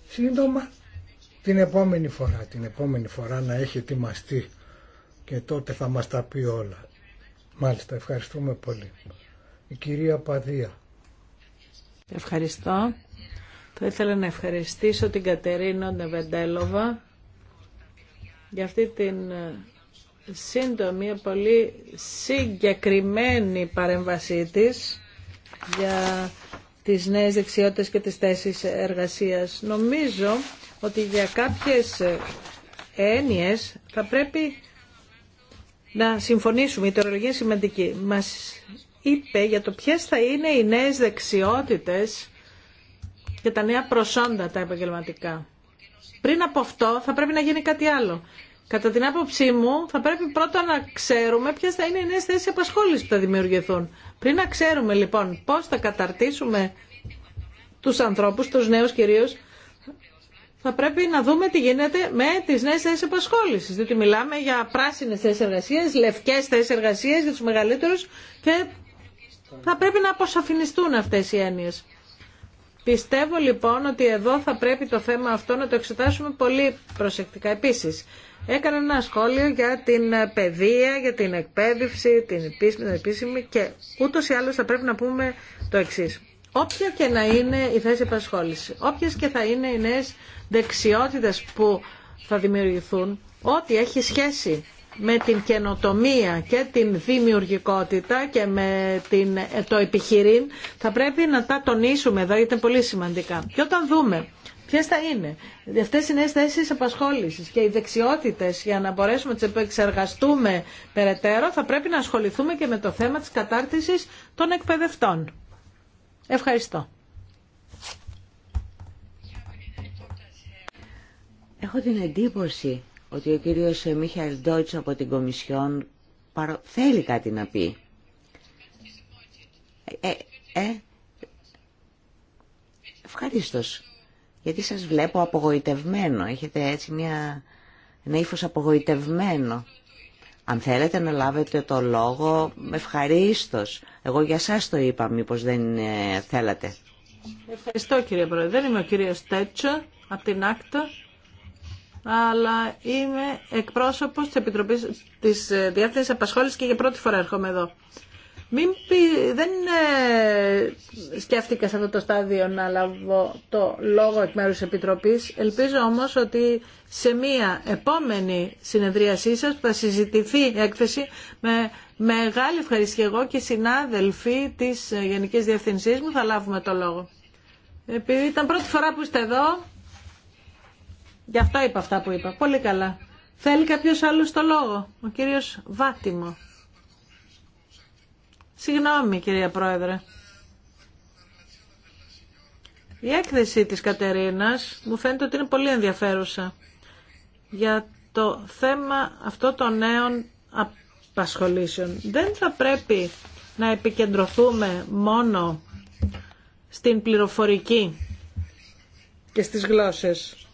σύντομα. Την επόμενη φορά, την επόμενη φορά να έχει ετοιμαστεί και τότε θα μας τα πει όλα. Μάλιστα, ευχαριστούμε πολύ. Η κυρία Παδία. Ευχαριστώ. Θα ήθελα να ευχαριστήσω την Κατερίνα Νεβεντέλοβα για αυτή την ε, σύντομη, πολύ συγκεκριμένη παρέμβασή της για τις νέες δεξιότητες και τις θέσεις εργασίας. Νομίζω ότι για κάποιες ε, έννοιες θα πρέπει να συμφωνήσουμε. Η τερολογία είναι σημαντική. Μας είπε για το ποιες θα είναι οι νέες δεξιότητες και τα νέα προσόντα τα επαγγελματικά. Πριν από αυτό θα πρέπει να γίνει κάτι άλλο. Κατά την άποψή μου, θα πρέπει πρώτα να ξέρουμε ποιε θα είναι οι νέε θέσει επασχόλησης που θα δημιουργηθούν. Πριν να ξέρουμε λοιπόν πώ θα καταρτήσουμε του ανθρώπου, του νέου κυρίω, θα πρέπει να δούμε τι γίνεται με τις νέες θέσεις επασχόλησης. Διότι μιλάμε για πράσινες θέσεις εργασίας, λευκές θέσεις εργασίας για τους μεγαλύτερους και θα πρέπει να αποσαφινιστούν αυτές οι έννοιες. Πιστεύω λοιπόν ότι εδώ θα πρέπει το θέμα αυτό να το εξετάσουμε πολύ προσεκτικά. Επίσης, έκανα ένα σχόλιο για την παιδεία, για την εκπαίδευση, την επίσημη, επίσημη και ούτως ή άλλως θα πρέπει να πούμε το εξής όποια και να είναι η θέση επασχόληση, Όποιε και θα είναι οι νέε δεξιότητε που θα δημιουργηθούν, ό,τι έχει σχέση με την καινοτομία και την δημιουργικότητα και με την, ε, το επιχειρήν θα πρέπει να τα τονίσουμε εδώ γιατί είναι πολύ σημαντικά. Και όταν δούμε ποιε θα είναι αυτέ οι νέε θέσει απασχόληση και οι δεξιότητε για να μπορέσουμε να τι επεξεργαστούμε περαιτέρω, θα πρέπει να ασχοληθούμε και με το θέμα τη κατάρτιση των εκπαιδευτών. Ευχαριστώ. Έχω την εντύπωση ότι ο κύριος Μίχαλ Ντόιτς από την Κομισιόν θέλει κάτι να πει. Ε, ε, ε Γιατί σας βλέπω απογοητευμένο. Έχετε έτσι μια, ένα ύφος απογοητευμένο. Αν θέλετε να λάβετε το λόγο, ευχαρίστως. Εγώ για σας το είπα, μήπως δεν ε, θέλατε. Ευχαριστώ κύριε Πρόεδρε. Δεν είμαι ο κύριος Τέτσο από την Άκτα, αλλά είμαι εκπρόσωπος της, Επιτροπής, της ε, Διεύθυνσης Απασχόλησης και για πρώτη φορά έρχομαι εδώ. Μην πει, δεν ε, σκέφτηκα σε αυτό το στάδιο να λάβω το λόγο εκ μέρους της Επιτροπής. Ελπίζω όμως ότι σε μία επόμενη συνεδρίασή σας θα συζητηθεί έκθεση με μεγάλη ευχαριστή εγώ και συνάδελφοι της Γενικής Διευθυνσής μου θα λάβουμε το λόγο. Επειδή ήταν πρώτη φορά που είστε εδώ, γι' αυτό είπα αυτά που είπα. Πολύ καλά. Θέλει κάποιος άλλος το λόγο. Ο κύριος Βάτιμο. Συγγνώμη κυρία Πρόεδρε. Η έκθεση της Κατερίνας μου φαίνεται ότι είναι πολύ ενδιαφέρουσα για το θέμα αυτό των νέων απασχολήσεων. Δεν θα πρέπει να επικεντρωθούμε μόνο στην πληροφορική και στις γλώσσες.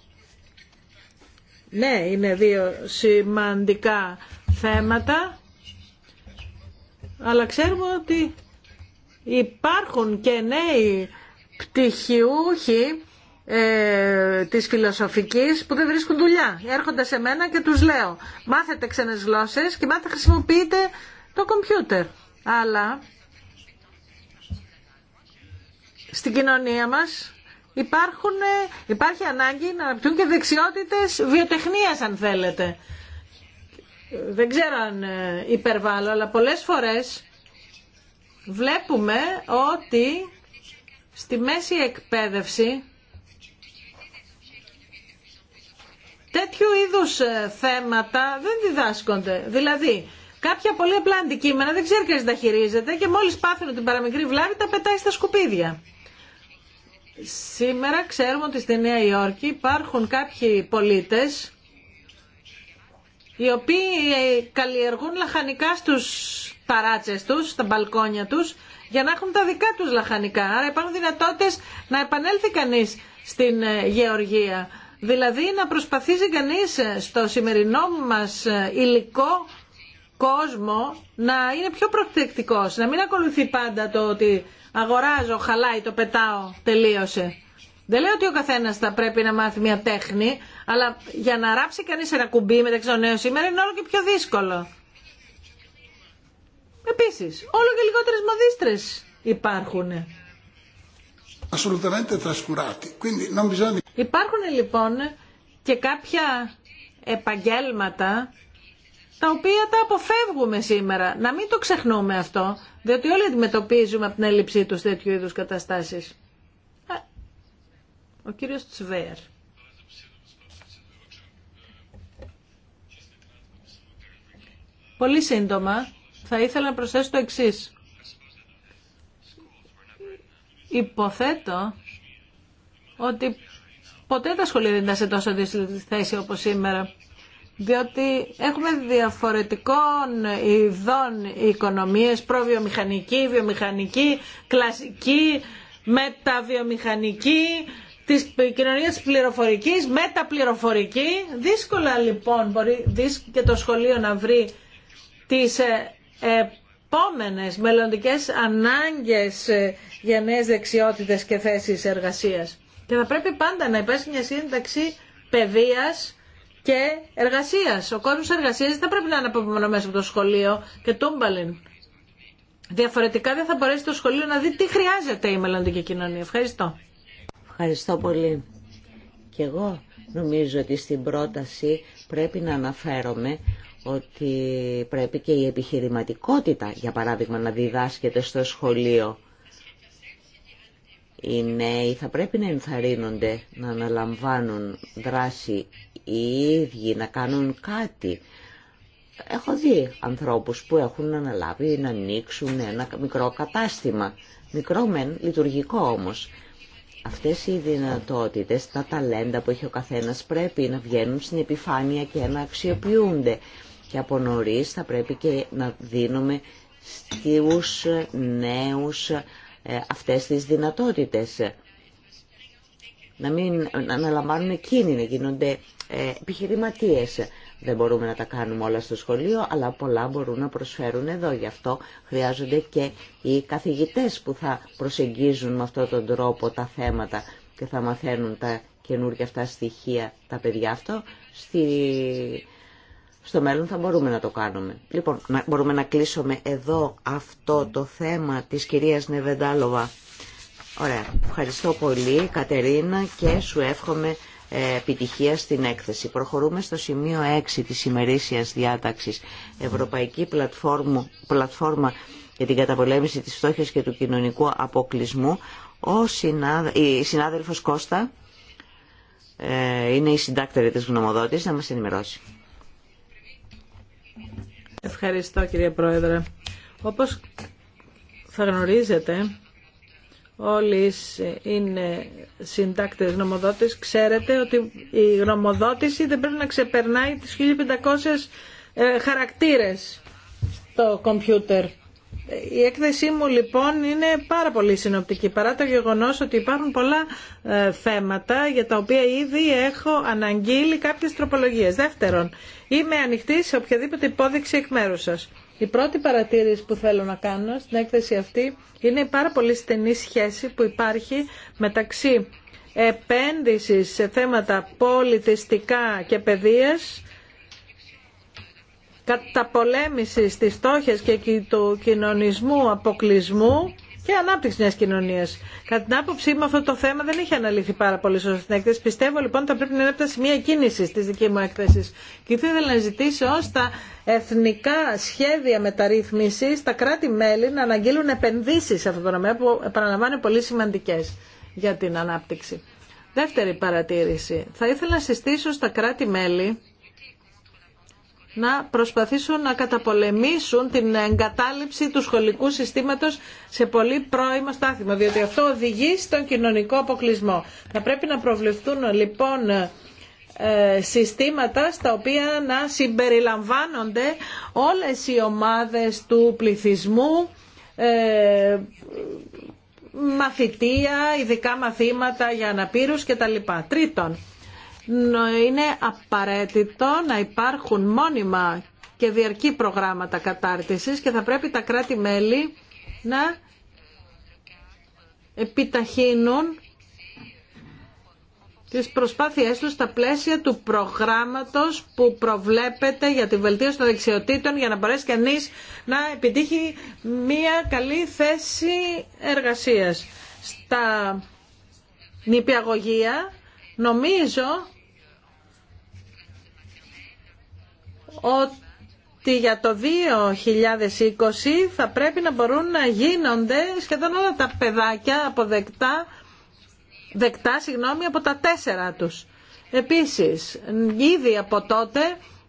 Ναι, είναι δύο σημαντικά θέματα αλλά ξέρουμε ότι υπάρχουν και νέοι πτυχιούχοι ε, της φιλοσοφικής που δεν βρίσκουν δουλειά. Έρχονται σε μένα και τους λέω μάθετε ξένες γλώσσες και μάθετε χρησιμοποιείτε το κομπιούτερ. Αλλά στην κοινωνία μας υπάρχουν, ε, υπάρχει ανάγκη να αναπτύχουν και δεξιότητες βιοτεχνίας αν θέλετε δεν ξέρω αν ε, υπερβάλλω, αλλά πολλές φορές βλέπουμε ότι στη μέση εκπαίδευση τέτοιου είδους ε, θέματα δεν διδάσκονται. Δηλαδή, κάποια πολύ απλά αντικείμενα δεν ξέρει κανείς τα χειρίζεται και μόλις πάθουν την παραμικρή βλάβη τα πετάει στα σκουπίδια. Σήμερα ξέρουμε ότι στη Νέα Υόρκη υπάρχουν κάποιοι πολίτες οι οποίοι ε, καλλιεργούν λαχανικά στους ταράτσες τους, στα μπαλκόνια τους, για να έχουν τα δικά τους λαχανικά. Άρα υπάρχουν δυνατότητες να επανέλθει κανείς στην ε, γεωργία. Δηλαδή να προσπαθήσει κανείς ε, στο σημερινό μας υλικό κόσμο να είναι πιο προτεκτικός, να μην ακολουθεί πάντα το ότι αγοράζω, χαλάει, το πετάω, τελείωσε. Δεν λέω ότι ο καθένα θα πρέπει να μάθει μια τέχνη, αλλά για να ράψει κανεί ένα κουμπί μεταξύ των νέων σήμερα είναι όλο και πιο δύσκολο. Επίση, όλο και λιγότερε μοδίστρε υπάρχουν. Υπάρχουν λοιπόν και κάποια επαγγέλματα τα οποία τα αποφεύγουμε σήμερα. Να μην το ξεχνούμε αυτό, διότι όλοι αντιμετωπίζουμε από την έλλειψή του τέτοιου είδου καταστάσει. Ο κύριος Τσβέερ. Πολύ σύντομα θα ήθελα να προσθέσω το εξής. Υποθέτω ότι ποτέ τα σχολεία δεν ήταν σε τόσο δύσκολη θέση όπως σήμερα. Διότι έχουμε διαφορετικών ειδών οικονομίες, προβιομηχανική, βιομηχανική, κλασική, μεταβιομηχανική, Τη κοινωνία της πληροφορικής, μεταπληροφορική. Δύσκολα λοιπόν μπορεί και το σχολείο να βρει τι ε, επόμενε μελλοντικέ ανάγκε ε, για νέε δεξιότητε και θέσει εργασία. Και θα πρέπει πάντα να υπάρχει μια σύνταξη παιδεία και εργασία. Ο κόσμο εργασία δεν θα πρέπει να είναι μέσα από το σχολείο και τούμπαλιν. Διαφορετικά δεν θα μπορέσει το σχολείο να δει τι χρειάζεται η μελλοντική κοινωνία. Ευχαριστώ. Ευχαριστώ πολύ. Και εγώ νομίζω ότι στην πρόταση πρέπει να αναφέρομαι ότι πρέπει και η επιχειρηματικότητα, για παράδειγμα, να διδάσκεται στο σχολείο. Οι νέοι θα πρέπει να ενθαρρύνονται να αναλαμβάνουν δράση οι ίδιοι, να κάνουν κάτι. Έχω δει ανθρώπους που έχουν αναλάβει να ανοίξουν ένα μικρό κατάστημα. Μικρό μεν, λειτουργικό όμως αυτές οι δυνατότητες, τα ταλέντα που έχει ο καθένας πρέπει να βγαίνουν στην επιφάνεια και να αξιοποιούνται. Και από νωρί θα πρέπει και να δίνουμε στους νέους ε, αυτές τις δυνατότητες. Να μην αναλαμβάνουν εκείνοι, να γίνονται ε, επιχειρηματίες. Δεν μπορούμε να τα κάνουμε όλα στο σχολείο, αλλά πολλά μπορούν να προσφέρουν εδώ. Γι' αυτό χρειάζονται και οι καθηγητές που θα προσεγγίζουν με αυτόν τον τρόπο τα θέματα και θα μαθαίνουν τα καινούργια αυτά στοιχεία τα παιδιά αυτό. Στη... Στο μέλλον θα μπορούμε να το κάνουμε. Λοιπόν, μπορούμε να κλείσουμε εδώ αυτό το θέμα της κυρίας Νεβεντάλοβα. Ωραία. Ευχαριστώ πολύ Κατερίνα και σου εύχομαι επιτυχία στην έκθεση. Προχωρούμε στο σημείο 6 της ημερήσιας διάταξης. Ευρωπαϊκή πλατφόρμα για την καταπολέμηση της φτώχειας και του κοινωνικού αποκλεισμού. Ο συνάδε... η συνάδελφος Κώστα ε, είναι η συντάκτερη της γνωμοδότης να μας ενημερώσει. Ευχαριστώ κύριε Πρόεδρε. Όπως θα γνωρίζετε, όλοι είναι συντάκτες γνωμοδότης, ξέρετε ότι η γνωμοδότηση δεν πρέπει να ξεπερνάει τις 1500 ε, χαρακτήρες στο κομπιούτερ. Η έκθεσή μου λοιπόν είναι πάρα πολύ συνοπτική, παρά το γεγονός ότι υπάρχουν πολλά ε, θέματα για τα οποία ήδη έχω αναγγείλει κάποιες τροπολογίες. Δεύτερον, είμαι ανοιχτή σε οποιαδήποτε υπόδειξη εκ μέρους σας. Η πρώτη παρατήρηση που θέλω να κάνω στην έκθεση αυτή είναι η πάρα πολύ στενή σχέση που υπάρχει μεταξύ επένδυσης σε θέματα πολιτιστικά και παιδείας, καταπολέμησης της στόχες και του κοινωνισμού αποκλεισμού και ανάπτυξη μια κοινωνία. Κατά την άποψή μου, αυτό το θέμα δεν έχει αναλυθεί πάρα πολύ σωστά στην έκθεση. Πιστεύω λοιπόν ότι θα πρέπει να είναι από τα σημεία κίνηση τη δική μου έκθεση. Και θα ήθελα να ζητήσω στα εθνικά σχέδια μεταρρύθμιση τα κράτη-μέλη να αναγγείλουν επενδύσει σε αυτό το νομέα που επαναλαμβάνω πολύ σημαντικέ για την ανάπτυξη. Δεύτερη παρατήρηση. Θα ήθελα να συστήσω στα κράτη-μέλη να προσπαθήσουν να καταπολεμήσουν την εγκατάλειψη του σχολικού συστήματος σε πολύ πρώιμο στάθμο, διότι αυτό οδηγεί στον κοινωνικό αποκλεισμό. Θα πρέπει να προβλεφθούν λοιπόν ε, συστήματα στα οποία να συμπεριλαμβάνονται όλες οι ομάδες του πληθυσμού, ε, μαθητεία, ειδικά μαθήματα για αναπήρους κτλ. Τρίτον, είναι απαραίτητο να υπάρχουν μόνιμα και διαρκή προγράμματα κατάρτισης και θα πρέπει τα κράτη-μέλη να επιταχύνουν τις προσπάθειές τους στα πλαίσια του προγράμματος που προβλέπεται για τη βελτίωση των δεξιοτήτων για να μπορέσει κανεί να επιτύχει μια καλή θέση εργασίας. Στα νηπιαγωγεία νομίζω ότι για το 2020 θα πρέπει να μπορούν να γίνονται σχεδόν όλα τα παιδάκια αποδεκτά δεκτά συγγνώμη, από τα τέσσερα τους. Επίσης, ήδη από τότε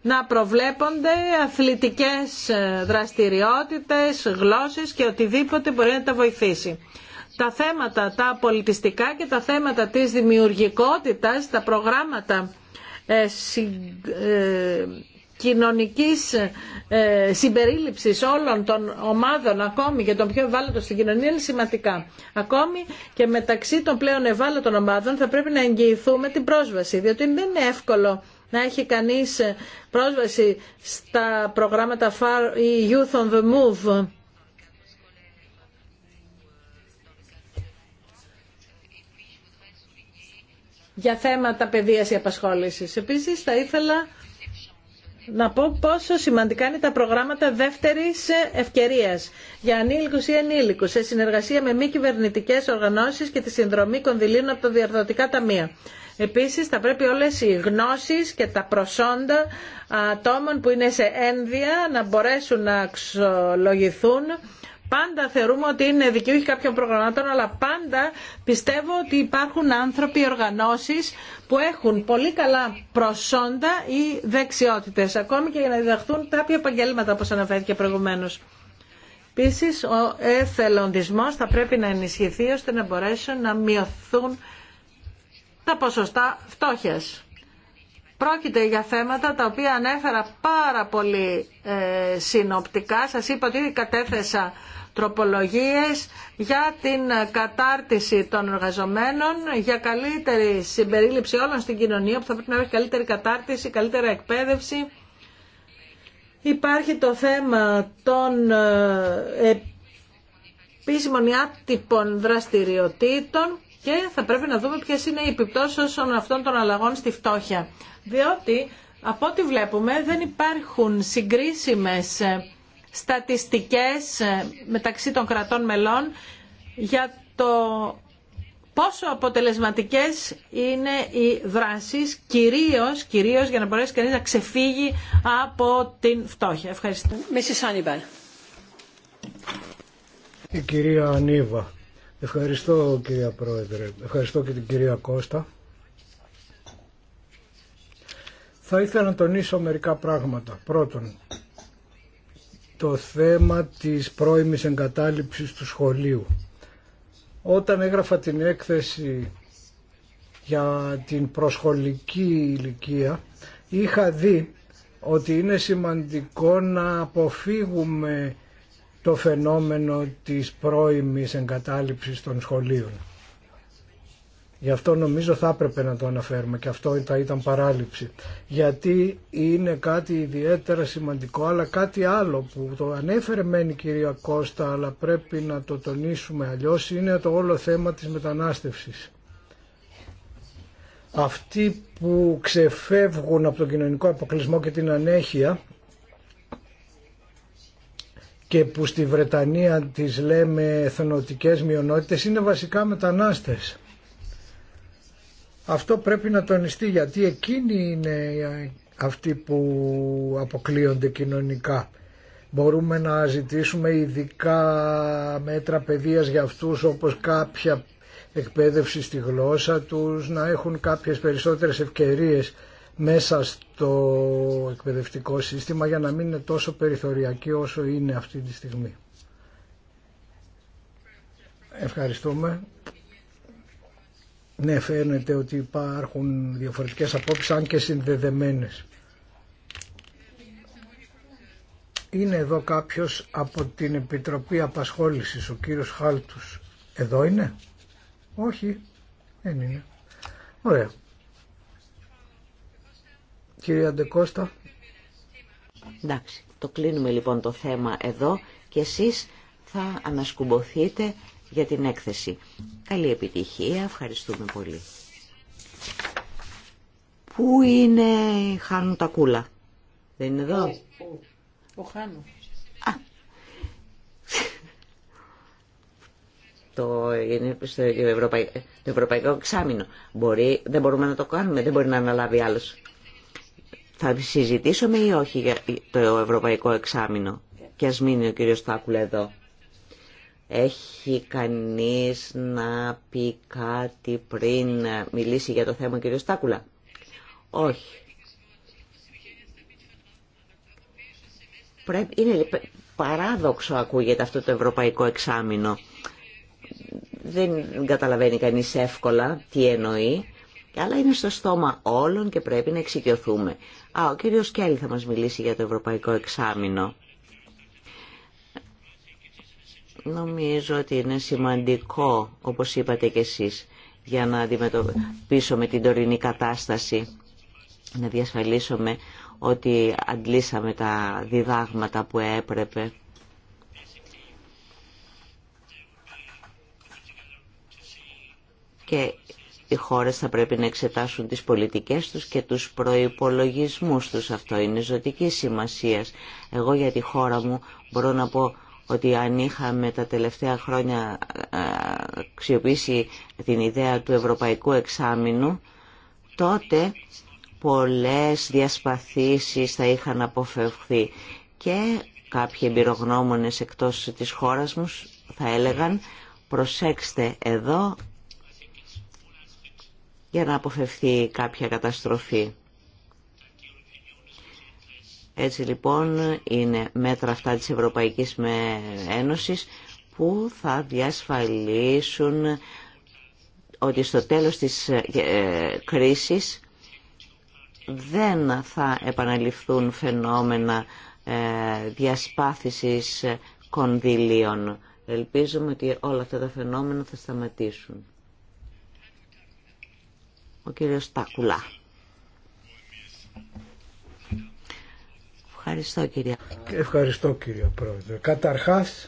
να προβλέπονται αθλητικές ε, δραστηριότητες, γλώσσες και οτιδήποτε μπορεί να τα βοηθήσει. Τα θέματα τα πολιτιστικά και τα θέματα της δημιουργικότητας, τα προγράμματα ε, ε, κοινωνικής ε, συμπερίληψης όλων των ομάδων, ακόμη και των πιο ευάλωτων στην κοινωνία, είναι σημαντικά. Ακόμη και μεταξύ των πλέον ευάλωτων ομάδων θα πρέπει να εγγυηθούμε την πρόσβαση, διότι δεν είναι εύκολο να έχει κανείς ε, πρόσβαση στα προγράμματα Far Youth on the Move. για θέματα παιδείας ή απασχόλησης. Επίσης θα ήθελα να πω πόσο σημαντικά είναι τα προγράμματα δεύτερης ευκαιρίας για ανήλικου ή ενήλικους σε συνεργασία με μη κυβερνητικέ οργανώσεις και τη συνδρομή κονδυλίων από τα διαρθρωτικά ταμεία. Επίσης θα πρέπει όλες οι γνώσεις και τα προσόντα ατόμων που είναι σε ένδια να μπορέσουν να αξιολογηθούν Πάντα θεωρούμε ότι είναι δικαιούχοι κάποιων προγραμμάτων, αλλά πάντα πιστεύω ότι υπάρχουν άνθρωποι, οργανώσει που έχουν πολύ καλά προσόντα ή δεξιότητε, ακόμη και για να διδαχθούν κάποια επαγγέλματα, όπως αναφέρθηκε προηγουμένω. Επίση, ο εθελοντισμό θα πρέπει να ενισχυθεί ώστε να μπορέσουν να μειωθούν τα ποσοστά φτώχεια. Πρόκειται για θέματα τα οποία ανέφερα πάρα πολύ ε, συνοπτικά. Σας είπα ότι ήδη κατέθεσα τροπολογίες για την κατάρτιση των εργαζομένων, για καλύτερη συμπερίληψη όλων στην κοινωνία που θα πρέπει να έχει καλύτερη κατάρτιση, καλύτερη εκπαίδευση. Υπάρχει το θέμα των ε, επίσημων ή άτυπων δραστηριοτήτων και θα πρέπει να δούμε ποιες είναι οι επιπτώσεις όσων αυτών των αλλαγών στη φτώχεια. Διότι από ό,τι βλέπουμε δεν υπάρχουν συγκρίσιμες στατιστικές ε, μεταξύ των κρατών μελών για το πόσο αποτελεσματικές είναι οι δράσεις, κυρίως, κυρίως για να μπορέσει κανείς να ξεφύγει από την φτώχεια. Ευχαριστώ. Η κυρία Ανίβα. Ευχαριστώ κυρία Πρόεδρε. Ευχαριστώ και την κυρία Κώστα. Θα ήθελα να τονίσω μερικά πράγματα. Πρώτον, το θέμα της πρώιμης εγκατάλειψης του σχολείου. Όταν έγραφα την έκθεση για την προσχολική ηλικία, είχα δει ότι είναι σημαντικό να αποφύγουμε το φαινόμενο της πρώιμης εγκατάλειψης των σχολείων. Γι' αυτό νομίζω θα έπρεπε να το αναφέρουμε και αυτό θα ήταν παράληψη. Γιατί είναι κάτι ιδιαίτερα σημαντικό αλλά κάτι άλλο που το ανέφερε μεν η κυρία Κώστα αλλά πρέπει να το τονίσουμε αλλιώς είναι το όλο θέμα της μετανάστευσης. Αυτοί που ξεφεύγουν από τον κοινωνικό αποκλεισμό και την ανέχεια και που στη Βρετανία τις λέμε εθνοτικές μειονότητες είναι βασικά μετανάστες αυτό πρέπει να τονιστεί γιατί εκείνοι είναι αυτοί που αποκλείονται κοινωνικά. Μπορούμε να ζητήσουμε ειδικά μέτρα παιδείας για αυτούς όπως κάποια εκπαίδευση στη γλώσσα τους, να έχουν κάποιες περισσότερες ευκαιρίες μέσα στο εκπαιδευτικό σύστημα για να μην είναι τόσο περιθωριακή όσο είναι αυτή τη στιγμή. Ευχαριστούμε ναι, φαίνεται ότι υπάρχουν διαφορετικές απόψεις, αν και συνδεδεμένες. Είναι εδώ κάποιος από την Επιτροπή Απασχόλησης, ο κύριος Χάλτους. Εδώ είναι? Όχι, δεν είναι. Ωραία. Κύριε Αντεκώστα. Εντάξει, το κλείνουμε λοιπόν το θέμα εδώ και εσείς θα ανασκουμποθείτε για την έκθεση. Καλή επιτυχία, ευχαριστούμε πολύ. Πού είναι η Χάνου Τακούλα. Δεν είναι εδώ. Ο, Χάνου. το, είναι στο Ευρωπαϊκό, το Ευρωπαϊκό Εξάμεινο. Μπορεί, δεν μπορούμε να το κάνουμε, δεν μπορεί να αναλάβει άλλος. Θα συζητήσουμε ή όχι για το Ευρωπαϊκό Εξάμεινο. Και ας μείνει ο κύριος Τάκουλα εδώ. Έχει κανείς να πει κάτι πριν μιλήσει για το θέμα κύριο Στάκουλα. Όχι. Πρέπει, είναι παράδοξο ακούγεται αυτό το ευρωπαϊκό εξάμεινο. Δεν καταλαβαίνει κανείς εύκολα τι εννοεί, αλλά είναι στο στόμα όλων και πρέπει να εξοικειωθούμε. Α, ο κύριος Κέλλη θα μας μιλήσει για το ευρωπαϊκό εξάμεινο. Νομίζω ότι είναι σημαντικό, όπως είπατε κι εσείς, για να αντιμετωπίσουμε την τωρινή κατάσταση, να διασφαλίσουμε ότι αντλήσαμε τα διδάγματα που έπρεπε. Και οι χώρες θα πρέπει να εξετάσουν τις πολιτικές τους και τους προϋπολογισμούς τους. Αυτό είναι ζωτική σημασία. Εγώ για τη χώρα μου μπορώ να πω ότι αν είχαμε τα τελευταία χρόνια ε, αξιοποιήσει την ιδέα του ευρωπαϊκού εξάμεινου, τότε πολλές διασπαθήσεις θα είχαν αποφευχθεί και κάποιοι εμπειρογνώμονες εκτός της χώρας μου θα έλεγαν προσέξτε εδώ για να αποφευθεί κάποια καταστροφή. Έτσι λοιπόν είναι μέτρα αυτά της Ευρωπαϊκής Ένωσης που θα διασφαλίσουν ότι στο τέλος της ε, κρίσης δεν θα επαναληφθούν φαινόμενα ε, διασπάθησης κονδυλίων. Ελπίζουμε ότι όλα αυτά τα φαινόμενα θα σταματήσουν. Ο κύριος Τάκουλα. Ευχαριστώ κυρία. Ευχαριστώ κύριε Πρόεδρε. Καταρχάς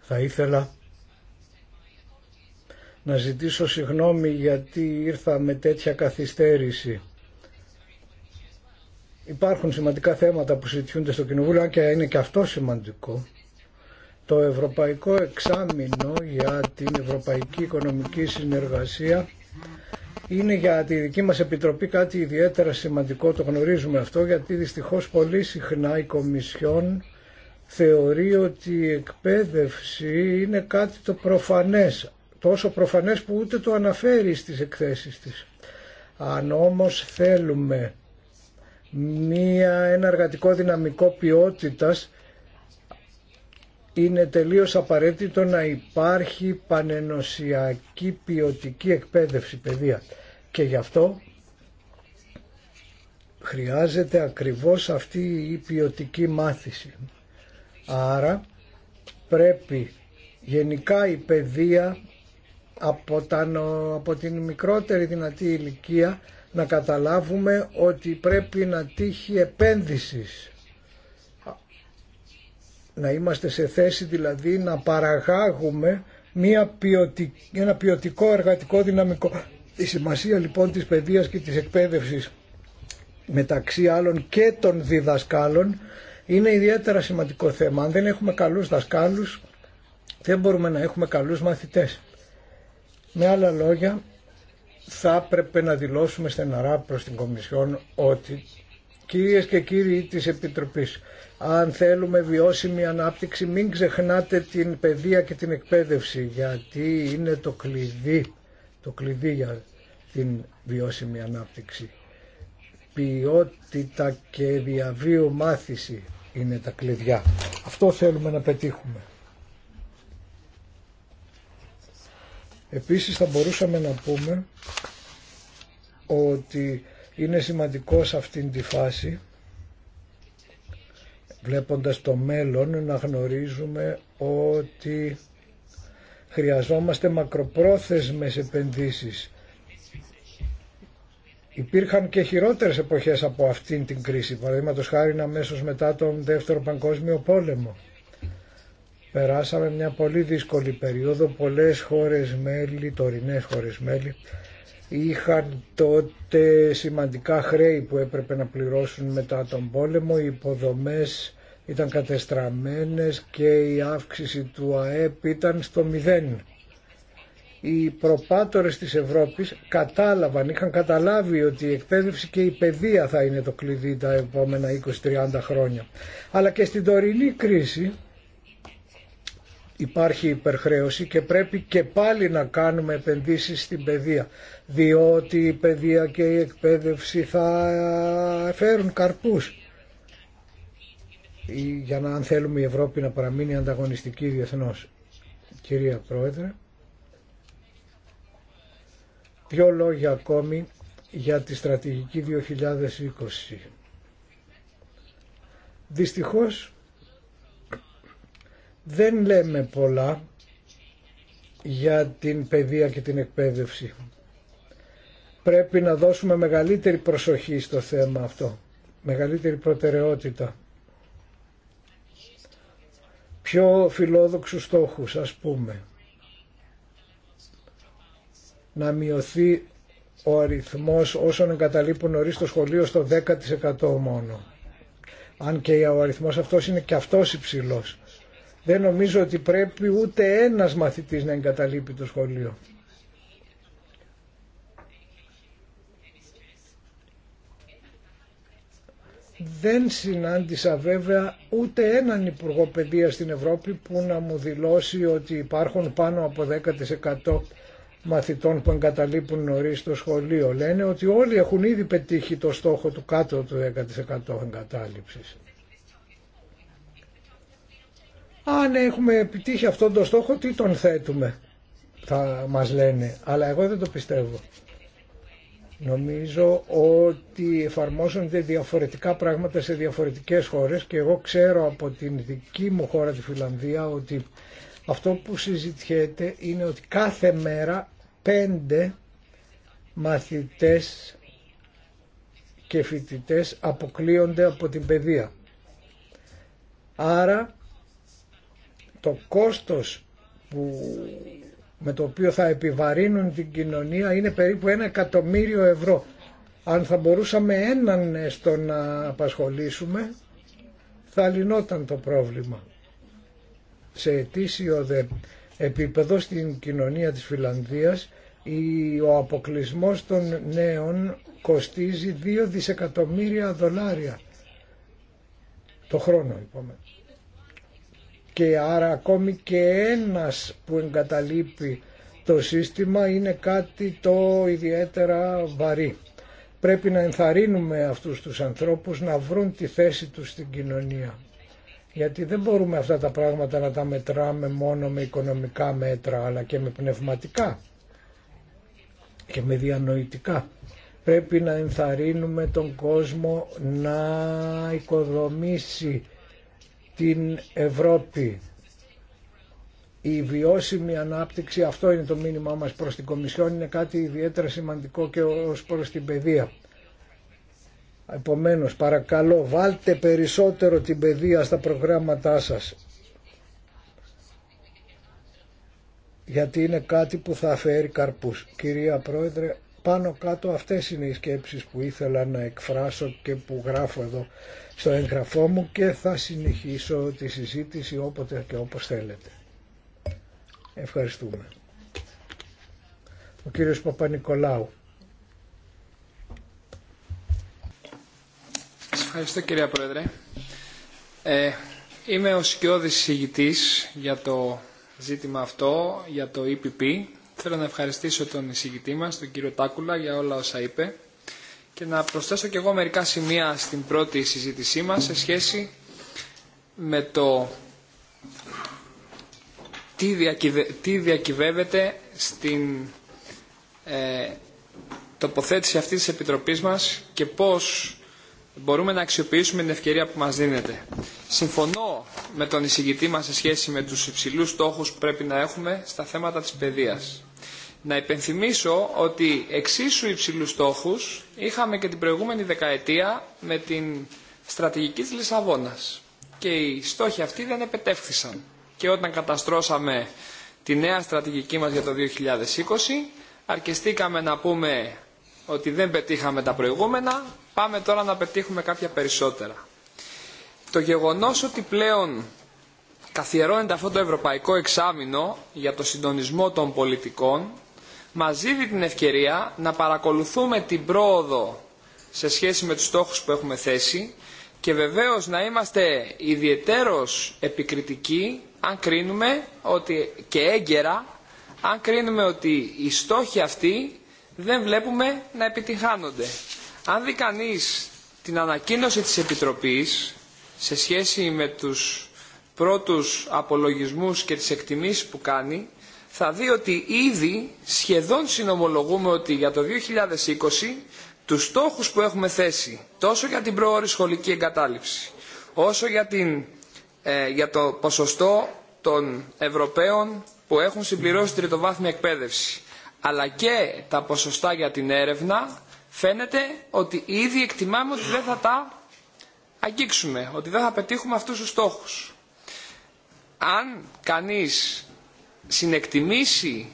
θα ήθελα να ζητήσω συγγνώμη γιατί ήρθα με τέτοια καθυστέρηση. Υπάρχουν σημαντικά θέματα που συζητιούνται στο Κοινοβούλιο, και είναι και αυτό σημαντικό. Το Ευρωπαϊκό Εξάμεινο για την Ευρωπαϊκή Οικονομική Συνεργασία είναι για τη δική μας Επιτροπή κάτι ιδιαίτερα σημαντικό, το γνωρίζουμε αυτό, γιατί δυστυχώς πολύ συχνά η Κομισιόν θεωρεί ότι η εκπαίδευση είναι κάτι το προφανές, τόσο προφανές που ούτε το αναφέρει στις εκθέσεις της. Αν όμως θέλουμε μία, ένα εργατικό δυναμικό ποιότητας, είναι τελείως απαραίτητο να υπάρχει πανενοσιακή ποιοτική εκπαίδευση παιδεία και γι' αυτό χρειάζεται ακριβώς αυτή η ποιοτική μάθηση. Άρα πρέπει γενικά η παιδεία από, από την μικρότερη δυνατή ηλικία να καταλάβουμε ότι πρέπει να τύχει επένδυσης να είμαστε σε θέση δηλαδή να παραγάγουμε μια ένα ποιοτικό εργατικό δυναμικό. Η σημασία λοιπόν της παιδείας και της εκπαίδευσης μεταξύ άλλων και των διδασκάλων είναι ιδιαίτερα σημαντικό θέμα. Αν δεν έχουμε καλούς δασκάλους δεν μπορούμε να έχουμε καλούς μαθητές. Με άλλα λόγια θα έπρεπε να δηλώσουμε στεναρά προς την Κομισιόν ότι Κυρίες και κύριοι της Επιτροπής, αν θέλουμε βιώσιμη ανάπτυξη μην ξεχνάτε την παιδεία και την εκπαίδευση γιατί είναι το κλειδί, το κλειδί για την βιώσιμη ανάπτυξη. Ποιότητα και διαβίου μάθηση είναι τα κλειδιά. Αυτό θέλουμε να πετύχουμε. Επίσης θα μπορούσαμε να πούμε ότι είναι σημαντικό σε αυτήν τη φάση, βλέποντας το μέλλον, να γνωρίζουμε ότι χρειαζόμαστε μακροπρόθεσμες επενδύσεις. Υπήρχαν και χειρότερες εποχές από αυτήν την κρίση, παραδείγματο χάρη αμέσω μετά τον Δεύτερο Παγκόσμιο Πόλεμο. Περάσαμε μια πολύ δύσκολη περίοδο, πολλές χώρες μέλη, τωρινές χώρες μέλη, είχαν τότε σημαντικά χρέη που έπρεπε να πληρώσουν μετά τον πόλεμο, οι υποδομές ήταν κατεστραμμένες και η αύξηση του ΑΕΠ ήταν στο μηδέν. Οι προπάτορες της Ευρώπης κατάλαβαν, είχαν καταλάβει ότι η εκπαίδευση και η παιδεία θα είναι το κλειδί τα επόμενα 20-30 χρόνια. Αλλά και στην τωρινή κρίση υπάρχει υπερχρέωση και πρέπει και πάλι να κάνουμε επενδύσεις στην παιδεία διότι η παιδεία και η εκπαίδευση θα φέρουν καρπούς για να αν θέλουμε η Ευρώπη να παραμείνει ανταγωνιστική διεθνώς. Κυρία Πρόεδρε, δύο λόγια ακόμη για τη στρατηγική 2020. Δυστυχώς δεν λέμε πολλά για την παιδεία και την εκπαίδευση. Πρέπει να δώσουμε μεγαλύτερη προσοχή στο θέμα αυτό, μεγαλύτερη προτεραιότητα. Πιο φιλόδοξους στόχους, ας πούμε. Να μειωθεί ο αριθμός όσων εγκαταλείπουν νωρί το σχολείο στο 10% μόνο. Αν και ο αριθμός αυτός είναι και αυτός υψηλός. Δεν νομίζω ότι πρέπει ούτε ένας μαθητής να εγκαταλείπει το σχολείο. Δεν συνάντησα βέβαια ούτε έναν Υπουργό Παιδείας στην Ευρώπη που να μου δηλώσει ότι υπάρχουν πάνω από 10% μαθητών που εγκαταλείπουν νωρί το σχολείο. Λένε ότι όλοι έχουν ήδη πετύχει το στόχο του κάτω του 10% εγκατάλειψης αν έχουμε επιτύχει αυτόν τον στόχο τι τον θέτουμε θα μας λένε αλλά εγώ δεν το πιστεύω Νομίζω ότι εφαρμόζονται διαφορετικά πράγματα σε διαφορετικές χώρες και εγώ ξέρω από την δική μου χώρα τη Φιλανδία ότι αυτό που συζητιέται είναι ότι κάθε μέρα πέντε μαθητές και φοιτητές αποκλείονται από την παιδεία. Άρα το κόστος που, με το οποίο θα επιβαρύνουν την κοινωνία είναι περίπου ένα εκατομμύριο ευρώ. Αν θα μπορούσαμε έναν έστω να απασχολήσουμε θα λυνόταν το πρόβλημα. Σε αιτήσιο δε επίπεδο στην κοινωνία της Φιλανδίας ο αποκλεισμός των νέων κοστίζει 2 δισεκατομμύρια δολάρια το χρόνο είπαμε και άρα ακόμη και ένας που εγκαταλείπει το σύστημα είναι κάτι το ιδιαίτερα βαρύ. Πρέπει να ενθαρρύνουμε αυτούς τους ανθρώπους να βρουν τη θέση τους στην κοινωνία. Γιατί δεν μπορούμε αυτά τα πράγματα να τα μετράμε μόνο με οικονομικά μέτρα αλλά και με πνευματικά και με διανοητικά. Πρέπει να ενθαρρύνουμε τον κόσμο να οικοδομήσει την Ευρώπη. Η βιώσιμη ανάπτυξη, αυτό είναι το μήνυμά μας προς την Κομισιόν, είναι κάτι ιδιαίτερα σημαντικό και ως προς την παιδεία. Επομένως, παρακαλώ, βάλτε περισσότερο την παιδεία στα προγράμματά σας. Γιατί είναι κάτι που θα φέρει καρπούς. Κυρία Πρόεδρε, πάνω κάτω αυτές είναι οι σκέψεις που ήθελα να εκφράσω και που γράφω εδώ στο εγγραφό μου και θα συνεχίσω τη συζήτηση όποτε και όπως θέλετε. Ευχαριστούμε. Ο κύριος Παπα-Νικολάου. Ευχαριστώ κυρία Πρόεδρε. Ε, είμαι ο σκιώδης συζητητής για το ζήτημα αυτό, για το EPP. Θέλω να ευχαριστήσω τον εισηγητή μας, τον κύριο Τάκουλα, για όλα όσα είπε και να προσθέσω και εγώ μερικά σημεία στην πρώτη συζήτησή μας σε σχέση με το τι, διακυβε... διακυβεύεται στην ε, τοποθέτηση αυτής της Επιτροπής μας και πώς μπορούμε να αξιοποιήσουμε την ευκαιρία που μας δίνεται. Συμφωνώ με τον εισηγητή μας σε σχέση με τους υψηλούς στόχους που πρέπει να έχουμε στα θέματα της παιδείας να υπενθυμίσω ότι εξίσου υψηλούς στόχους είχαμε και την προηγούμενη δεκαετία με την στρατηγική της Λισαβόνας. Και οι στόχοι αυτοί δεν επετεύχθησαν. Και όταν καταστρώσαμε τη νέα στρατηγική μας για το 2020, αρκεστήκαμε να πούμε ότι δεν πετύχαμε τα προηγούμενα, πάμε τώρα να πετύχουμε κάποια περισσότερα. Το γεγονός ότι πλέον καθιερώνεται αυτό το ευρωπαϊκό εξάμεινο για το συντονισμό των πολιτικών μας δίνει την ευκαιρία να παρακολουθούμε την πρόοδο σε σχέση με τους στόχους που έχουμε θέσει και βεβαίως να είμαστε ιδιαιτέρως επικριτικοί αν κρίνουμε ότι, και έγκαιρα αν κρίνουμε ότι οι στόχοι αυτοί δεν βλέπουμε να επιτυγχάνονται. Αν δει κανεί την ανακοίνωση της Επιτροπής σε σχέση με τους πρώτους απολογισμούς και τις εκτιμήσεις που κάνει θα δει ότι ήδη σχεδόν συνομολογούμε ότι για το 2020 τους στόχους που έχουμε θέσει τόσο για την προώρη σχολική εγκατάλειψη όσο για, την, ε, για το ποσοστό των Ευρωπαίων που έχουν συμπληρώσει τριτοβάθμια εκπαίδευση αλλά και τα ποσοστά για την έρευνα φαίνεται ότι ήδη εκτιμάμε ότι δεν θα τα αγγίξουμε, ότι δεν θα πετύχουμε αυτούς τους στόχους. Αν κανείς συνεκτιμήσει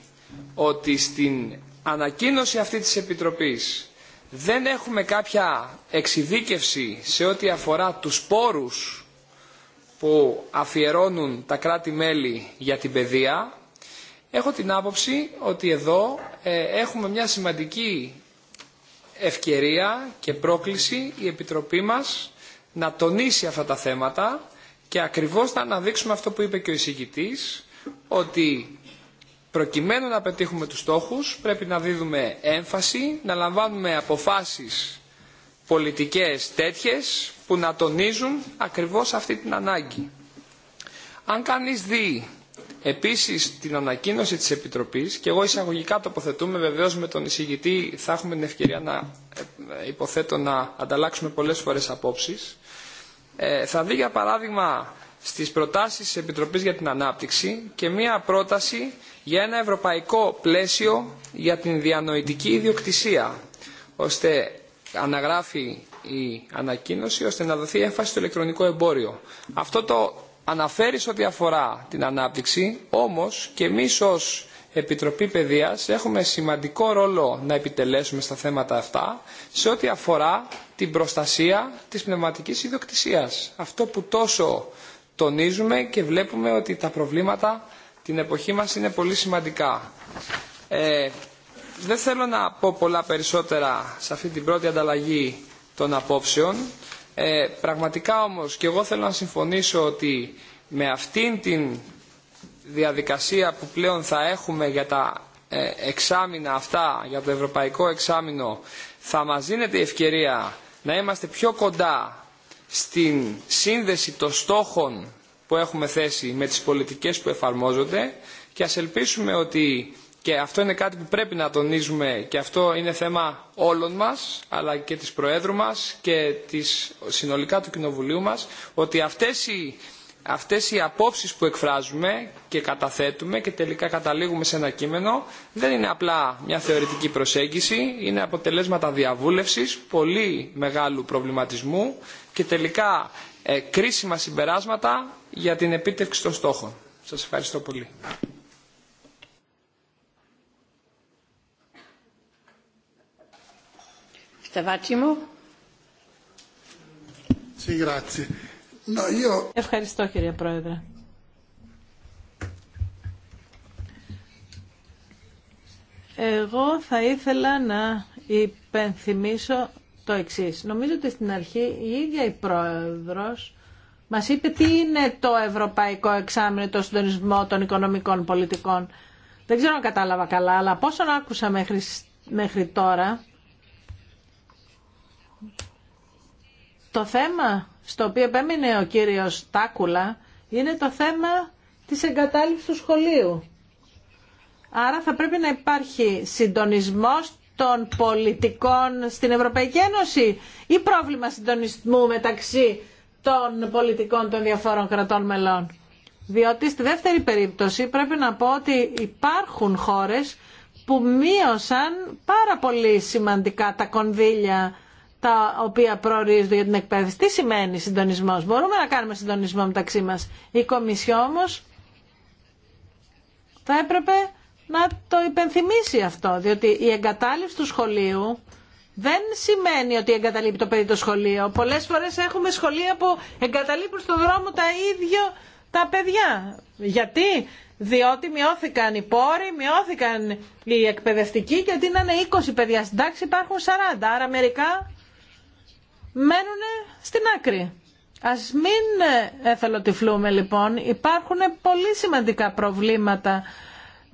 ότι στην ανακοίνωση αυτή της Επιτροπής δεν έχουμε κάποια εξειδίκευση σε ό,τι αφορά τους πόρους που αφιερώνουν τα κράτη-μέλη για την παιδεία, έχω την άποψη ότι εδώ ε, έχουμε μια σημαντική ευκαιρία και πρόκληση η Επιτροπή μας να τονίσει αυτά τα θέματα και ακριβώς να αναδείξουμε αυτό που είπε και ο εισηγητής, ότι προκειμένου να πετύχουμε τους στόχους πρέπει να δίδουμε έμφαση, να λαμβάνουμε αποφάσεις πολιτικές τέτοιες που να τονίζουν ακριβώς αυτή την ανάγκη. Αν κανείς δει επίσης την ανακοίνωση της Επιτροπής και εγώ εισαγωγικά τοποθετούμε βεβαίως με τον εισηγητή θα έχουμε την ευκαιρία να ε, υποθέτω να ανταλλάξουμε πολλές φορές απόψεις ε, θα δει για παράδειγμα στις προτάσεις της Επιτροπής για την Ανάπτυξη και μία πρόταση για ένα ευρωπαϊκό πλαίσιο για την διανοητική ιδιοκτησία, ώστε αναγράφει η ανακοίνωση, ώστε να δοθεί έμφαση στο ηλεκτρονικό εμπόριο. Αυτό το σε ότι αφορά την ανάπτυξη, όμως και εμεί ω Επιτροπή Παιδείας έχουμε σημαντικό ρόλο να επιτελέσουμε στα θέματα αυτά σε ό,τι αφορά την προστασία της πνευματικής ιδιοκτησίας. Αυτό που τόσο τονίζουμε και βλέπουμε ότι τα προβλήματα την εποχή μας είναι πολύ σημαντικά. Ε, δεν θέλω να πω πολλά περισσότερα σε αυτή την πρώτη ανταλλαγή των απόψεων. Ε, πραγματικά όμως και εγώ θέλω να συμφωνήσω ότι με αυτήν την διαδικασία που πλέον θα έχουμε για τα ε, εξάμεινα αυτά, για το ευρωπαϊκό εξάμεινο, θα μας δίνεται η ευκαιρία να είμαστε πιο κοντά στην σύνδεση των στόχων που έχουμε θέσει με τις πολιτικές που εφαρμόζονται και ας ελπίσουμε ότι και αυτό είναι κάτι που πρέπει να τονίζουμε και αυτό είναι θέμα όλων μας αλλά και της Προέδρου μας και της συνολικά του Κοινοβουλίου μας ότι αυτές οι, αυτές οι απόψεις που εκφράζουμε και καταθέτουμε και τελικά καταλήγουμε σε ένα κείμενο δεν είναι απλά μια θεωρητική προσέγγιση, είναι αποτελέσματα διαβούλευσης, πολύ μεγάλου προβληματισμού και τελικά ε, κρίσιμα συμπεράσματα για την επίτευξη των στόχων. Σας ευχαριστώ πολύ. Ευχαριστώ κύριε Πρόεδρε. Εγώ θα ήθελα να υπενθυμίσω το εξή. Νομίζω ότι στην αρχή η ίδια η πρόεδρο μα είπε τι είναι το ευρωπαϊκό εξάμεινο, το συντονισμό των οικονομικών πολιτικών. Δεν ξέρω αν κατάλαβα καλά, αλλά πόσο άκουσα μέχρι, μέχρι τώρα. Το θέμα στο οποίο επέμεινε ο κύριος Τάκουλα είναι το θέμα της εγκατάλειψης του σχολείου. Άρα θα πρέπει να υπάρχει συντονισμός των πολιτικών στην Ευρωπαϊκή Ένωση ή πρόβλημα συντονισμού μεταξύ των πολιτικών των διαφόρων κρατών μελών. Διότι στη δεύτερη περίπτωση πρέπει να πω ότι υπάρχουν χώρες που μείωσαν πάρα πολύ σημαντικά τα κονδύλια τα οποία προορίζονται για την εκπαίδευση. Τι σημαίνει συντονισμός. Μπορούμε να κάνουμε συντονισμό μεταξύ μας. Η Κομισιό θα έπρεπε να το υπενθυμίσει αυτό, διότι η εγκατάλειψη του σχολείου δεν σημαίνει ότι εγκαταλείπει το παιδί το σχολείο. Πολλές φορές έχουμε σχολεία που εγκαταλείπουν στον δρόμο τα ίδια τα παιδιά. Γιατί? Διότι μειώθηκαν οι πόροι, μειώθηκαν οι εκπαιδευτικοί και ότι είναι 20 παιδιά στην τάξη υπάρχουν 40. Άρα μερικά μένουν στην άκρη. Ας μην ε, εθελοτυφλούμε λοιπόν. Υπάρχουν πολύ σημαντικά προβλήματα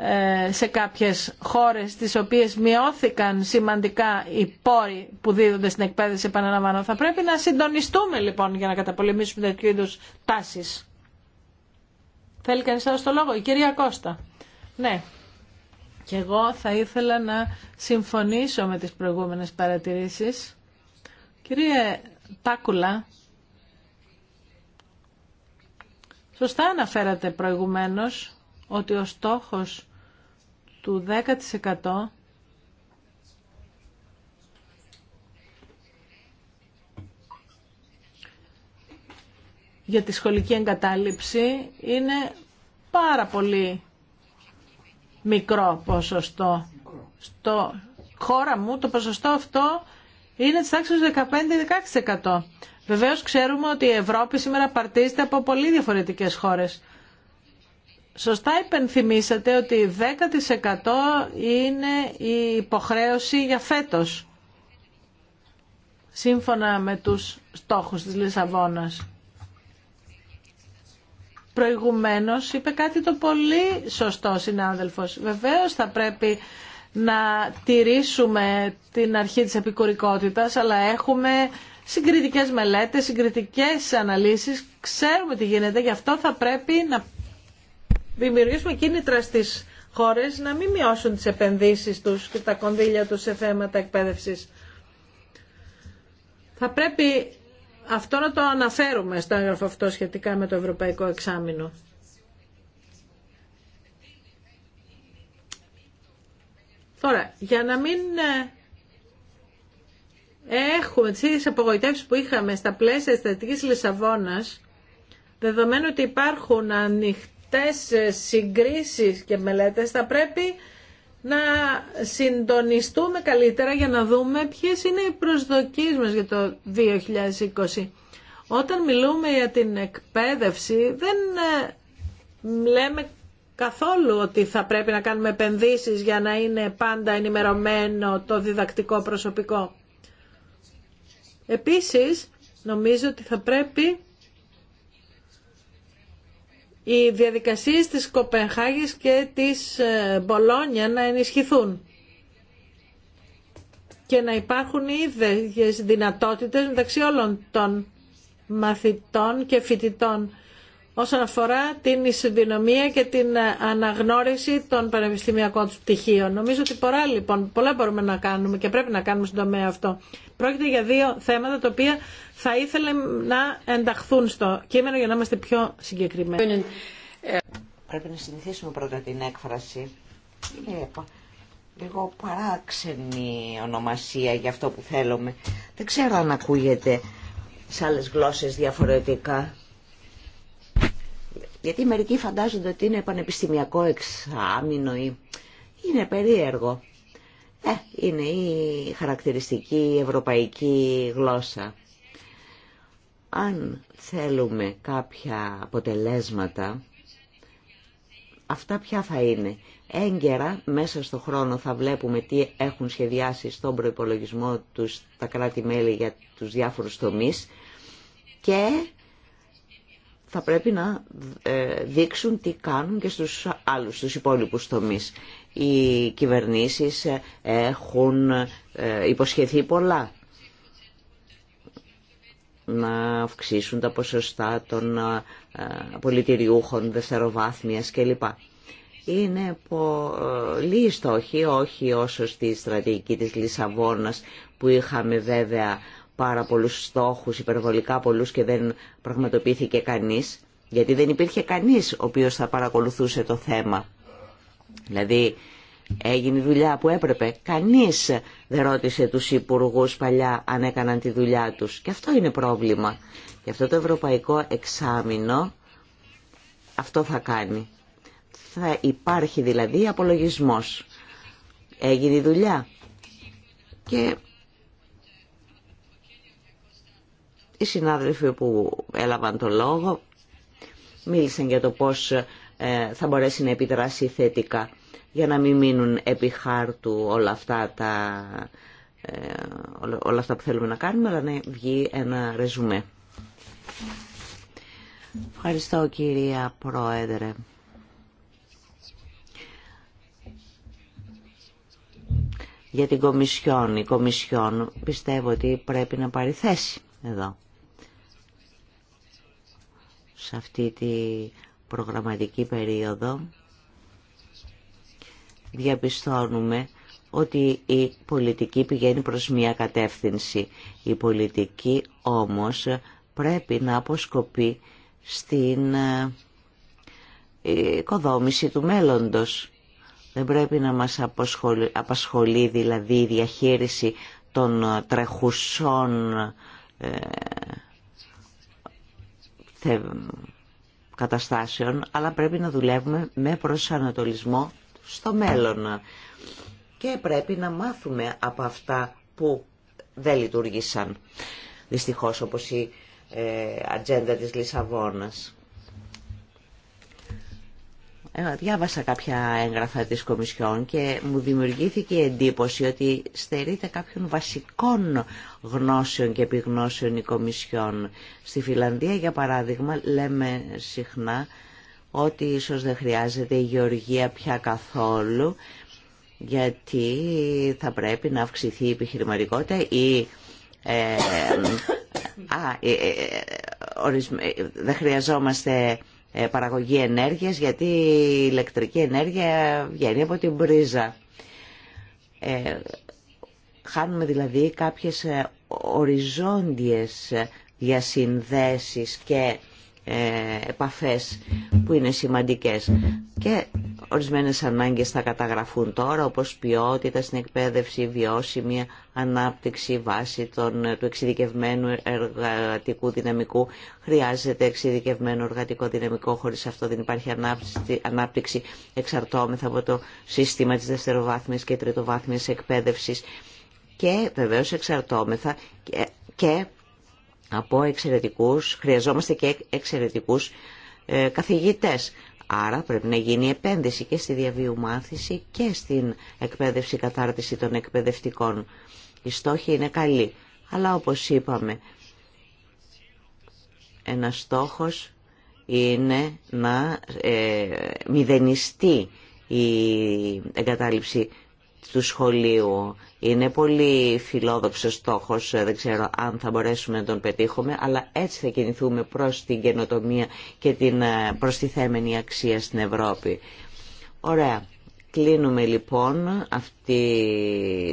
ε, σε κάποιες χώρες τις οποίες μειώθηκαν σημαντικά οι πόροι που δίδονται στην εκπαίδευση επαναλαμβάνω. Θα πρέπει να συντονιστούμε λοιπόν για να καταπολεμήσουμε τέτοιου είδους τάσεις. Θέλει κανείς άλλο το λόγο. Η κυρία Κώστα. Ναι. Και εγώ θα ήθελα να συμφωνήσω με τις προηγούμενες παρατηρήσεις. Κύριε Τάκουλα, σωστά αναφέρατε προηγουμένως ότι ο στόχος του 10% για τη σχολική εγκατάλειψη είναι πάρα πολύ μικρό ποσοστό. Στο χώρα μου το ποσοστό αυτό είναι της τάξης 15-16%. Βεβαίως ξέρουμε ότι η Ευρώπη σήμερα παρτίζεται από πολύ διαφορετικές χώρες. Σωστά υπενθυμίσατε ότι 10% είναι η υποχρέωση για φέτος, σύμφωνα με τους στόχους της Λισαβόνας. Προηγουμένως είπε κάτι το πολύ σωστό συνάδελφος. Βεβαίως θα πρέπει να τηρήσουμε την αρχή της επικουρικότητας, αλλά έχουμε συγκριτικές μελέτες, συγκριτικές αναλύσεις, ξέρουμε τι γίνεται, γι' αυτό θα πρέπει να δημιουργήσουμε κίνητρα στι χώρες να μην μειώσουν τις επενδύσεις τους και τα κονδύλια του σε θέματα εκπαίδευση. Θα πρέπει αυτό να το αναφέρουμε στο έγγραφο αυτό σχετικά με το Ευρωπαϊκό Εξάμεινο. Τώρα, για να μην ε, έχουμε τις ίδιες απογοητεύσεις που είχαμε στα πλαίσια της Λισαβόνας, δεδομένου ότι υπάρχουν ανοιχτές αυτές ε, συγκρίσεις και μελέτες θα πρέπει να συντονιστούμε καλύτερα για να δούμε ποιες είναι οι προσδοκίες μας για το 2020. Όταν μιλούμε για την εκπαίδευση δεν ε, λέμε καθόλου ότι θα πρέπει να κάνουμε επενδύσεις για να είναι πάντα ενημερωμένο το διδακτικό προσωπικό. Επίσης, νομίζω ότι θα πρέπει οι διαδικασίες της Κοπενχάγης και της ε, Μπολόνια να ενισχυθούν και να υπάρχουν ίδιες δυνατότητες μεταξύ όλων των μαθητών και φοιτητών όσον αφορά την ισοδυναμία και την αναγνώριση των πανεπιστημιακών του πτυχίων. Νομίζω ότι πολλά, λοιπόν, πολλά μπορούμε να κάνουμε και πρέπει να κάνουμε στον τομέα αυτό. Πρόκειται για δύο θέματα τα οποία θα ήθελα να ενταχθούν στο κείμενο για να είμαστε πιο συγκεκριμένοι. Πρέπει να συνηθίσουμε πρώτα την έκφραση. Ε, λίγο παράξενη ονομασία για αυτό που θέλουμε. Δεν ξέρω αν ακούγεται σε άλλες γλώσσες διαφορετικά. Γιατί μερικοί φαντάζονται ότι είναι πανεπιστημιακό εξάμεινο ή... Είναι περίεργο. Ε, είναι η χαρακτηριστική ευρωπαϊκή γλώσσα. Αν θέλουμε κάποια αποτελέσματα, αυτά ποια θα είναι. Έγκαιρα μέσα στο χρόνο θα βλέπουμε τι έχουν σχεδιάσει στον προϋπολογισμό τους τα κράτη-μέλη για τους διάφορους τομείς και θα πρέπει να ε, δείξουν τι κάνουν και στους άλλους, στους υπόλοιπους τομείς. Οι κυβερνήσεις ε, έχουν ε, υποσχεθεί πολλά να αυξήσουν τα ποσοστά των πολιτηριούχων δευτεροβάθμιας κλπ. Είναι πολλοί οι στόχοι, όχι όσο στη στρατηγική της Λισαβόνας που είχαμε βέβαια πάρα πολλούς στόχους, υπερβολικά πολλούς και δεν πραγματοποιήθηκε κανείς, γιατί δεν υπήρχε κανείς ο οποίος θα παρακολουθούσε το θέμα. Δηλαδή έγινε η δουλειά που έπρεπε. Κανείς δεν ρώτησε τους υπουργούς παλιά αν έκαναν τη δουλειά τους. Και αυτό είναι πρόβλημα. Γι' αυτό το ευρωπαϊκό εξάμεινο αυτό θα κάνει. Θα υπάρχει δηλαδή απολογισμός. Έγινε η δουλειά. Και Οι συνάδελφοι που έλαβαν το λόγο μίλησαν για το πώς ε, θα μπορέσει να επιδράσει θετικά για να μην μείνουν επί χάρτου όλα αυτά, τα, ε, όλα αυτά που θέλουμε να κάνουμε, αλλά να βγει ένα ρεζουμέ. Ευχαριστώ κυρία Πρόεδρε. Για την Κομισιόν, η Κομισιόν πιστεύω ότι πρέπει να πάρει θέση εδώ σε αυτή τη προγραμματική περίοδο διαπιστώνουμε ότι η πολιτική πηγαίνει προς μία κατεύθυνση. Η πολιτική όμως πρέπει να αποσκοπεί στην ε, οικοδόμηση του μέλλοντος. Δεν πρέπει να μας απασχολεί δηλαδή η διαχείριση των τρεχουσών ε, καταστάσεων, αλλά πρέπει να δουλεύουμε με προσανατολισμό στο μέλλον. Και πρέπει να μάθουμε από αυτά που δεν λειτουργήσαν, δυστυχώς, όπως η ε, ατζέντα της Λισαβόνας. Ε, διάβασα κάποια έγγραφα της Κομισιόν και μου δημιουργήθηκε η εντύπωση ότι στερείται κάποιων βασικών γνώσεων και επιγνώσεων η Κομισιόν. Στη Φιλανδία, για παράδειγμα, λέμε συχνά ότι ίσως δεν χρειάζεται η γεωργία πια καθόλου γιατί θα πρέπει να αυξηθεί η επιχειρηματικότητα ή ε, ε, α, δεν χρειαζόμαστε ε, παραγωγή ενέργειας γιατί η ηλεκτρική ενέργεια βγαίνει από την πρίζα. Ε, χάνουμε δηλαδή κάποιες οριζόντιες διασυνδέσεις και ε, επαφές που είναι σημαντικές και ορισμένες ανάγκες θα καταγραφούν τώρα όπως ποιότητα στην εκπαίδευση, βιώσιμη ανάπτυξη βάση των, του εξειδικευμένου εργατικού δυναμικού χρειάζεται εξειδικευμένο εργατικό δυναμικό χωρίς αυτό δεν υπάρχει ανάπτυξη, ανάπτυξη εξαρτώμεθα από το σύστημα της δευτεροβάθμιας και τριτοβάθμιας εκπαίδευσης και βεβαίως εξαρτώμεθα και από εξαιρετικούς, χρειαζόμαστε και εξαιρετικούς ε, καθηγητές. Άρα πρέπει να γίνει επένδυση και στη διαβίου και στην εκπαίδευση κατάρτιση των εκπαιδευτικών. Η στόχοι είναι καλή, αλλά όπως είπαμε, ένας στόχος είναι να ε, μηδενιστεί η εγκατάλειψη του σχολείου είναι πολύ φιλόδοξος στόχος, ε, δεν ξέρω αν θα μπορέσουμε να τον πετύχουμε, αλλά έτσι θα κινηθούμε προς την καινοτομία και την ε, θέμενη αξία στην Ευρώπη. Ωραία. Κλείνουμε λοιπόν αυτή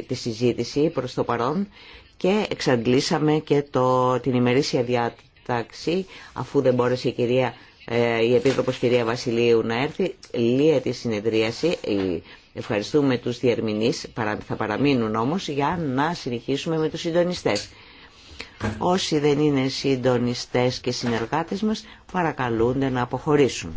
τη συζήτηση προς το παρόν και εξαντλήσαμε και το, την ημερήσια διάταξη αφού δεν μπόρεσε η κυρία ε, η Επίτροπος κυρία Βασιλείου να έρθει, λύεται συνεδρίαση, η Ευχαριστούμε τους διερμηνείς, θα παραμείνουν όμως για να συνεχίσουμε με τους συντονιστές. Όσοι δεν είναι συντονιστές και συνεργάτες μας παρακαλούνται να αποχωρήσουν.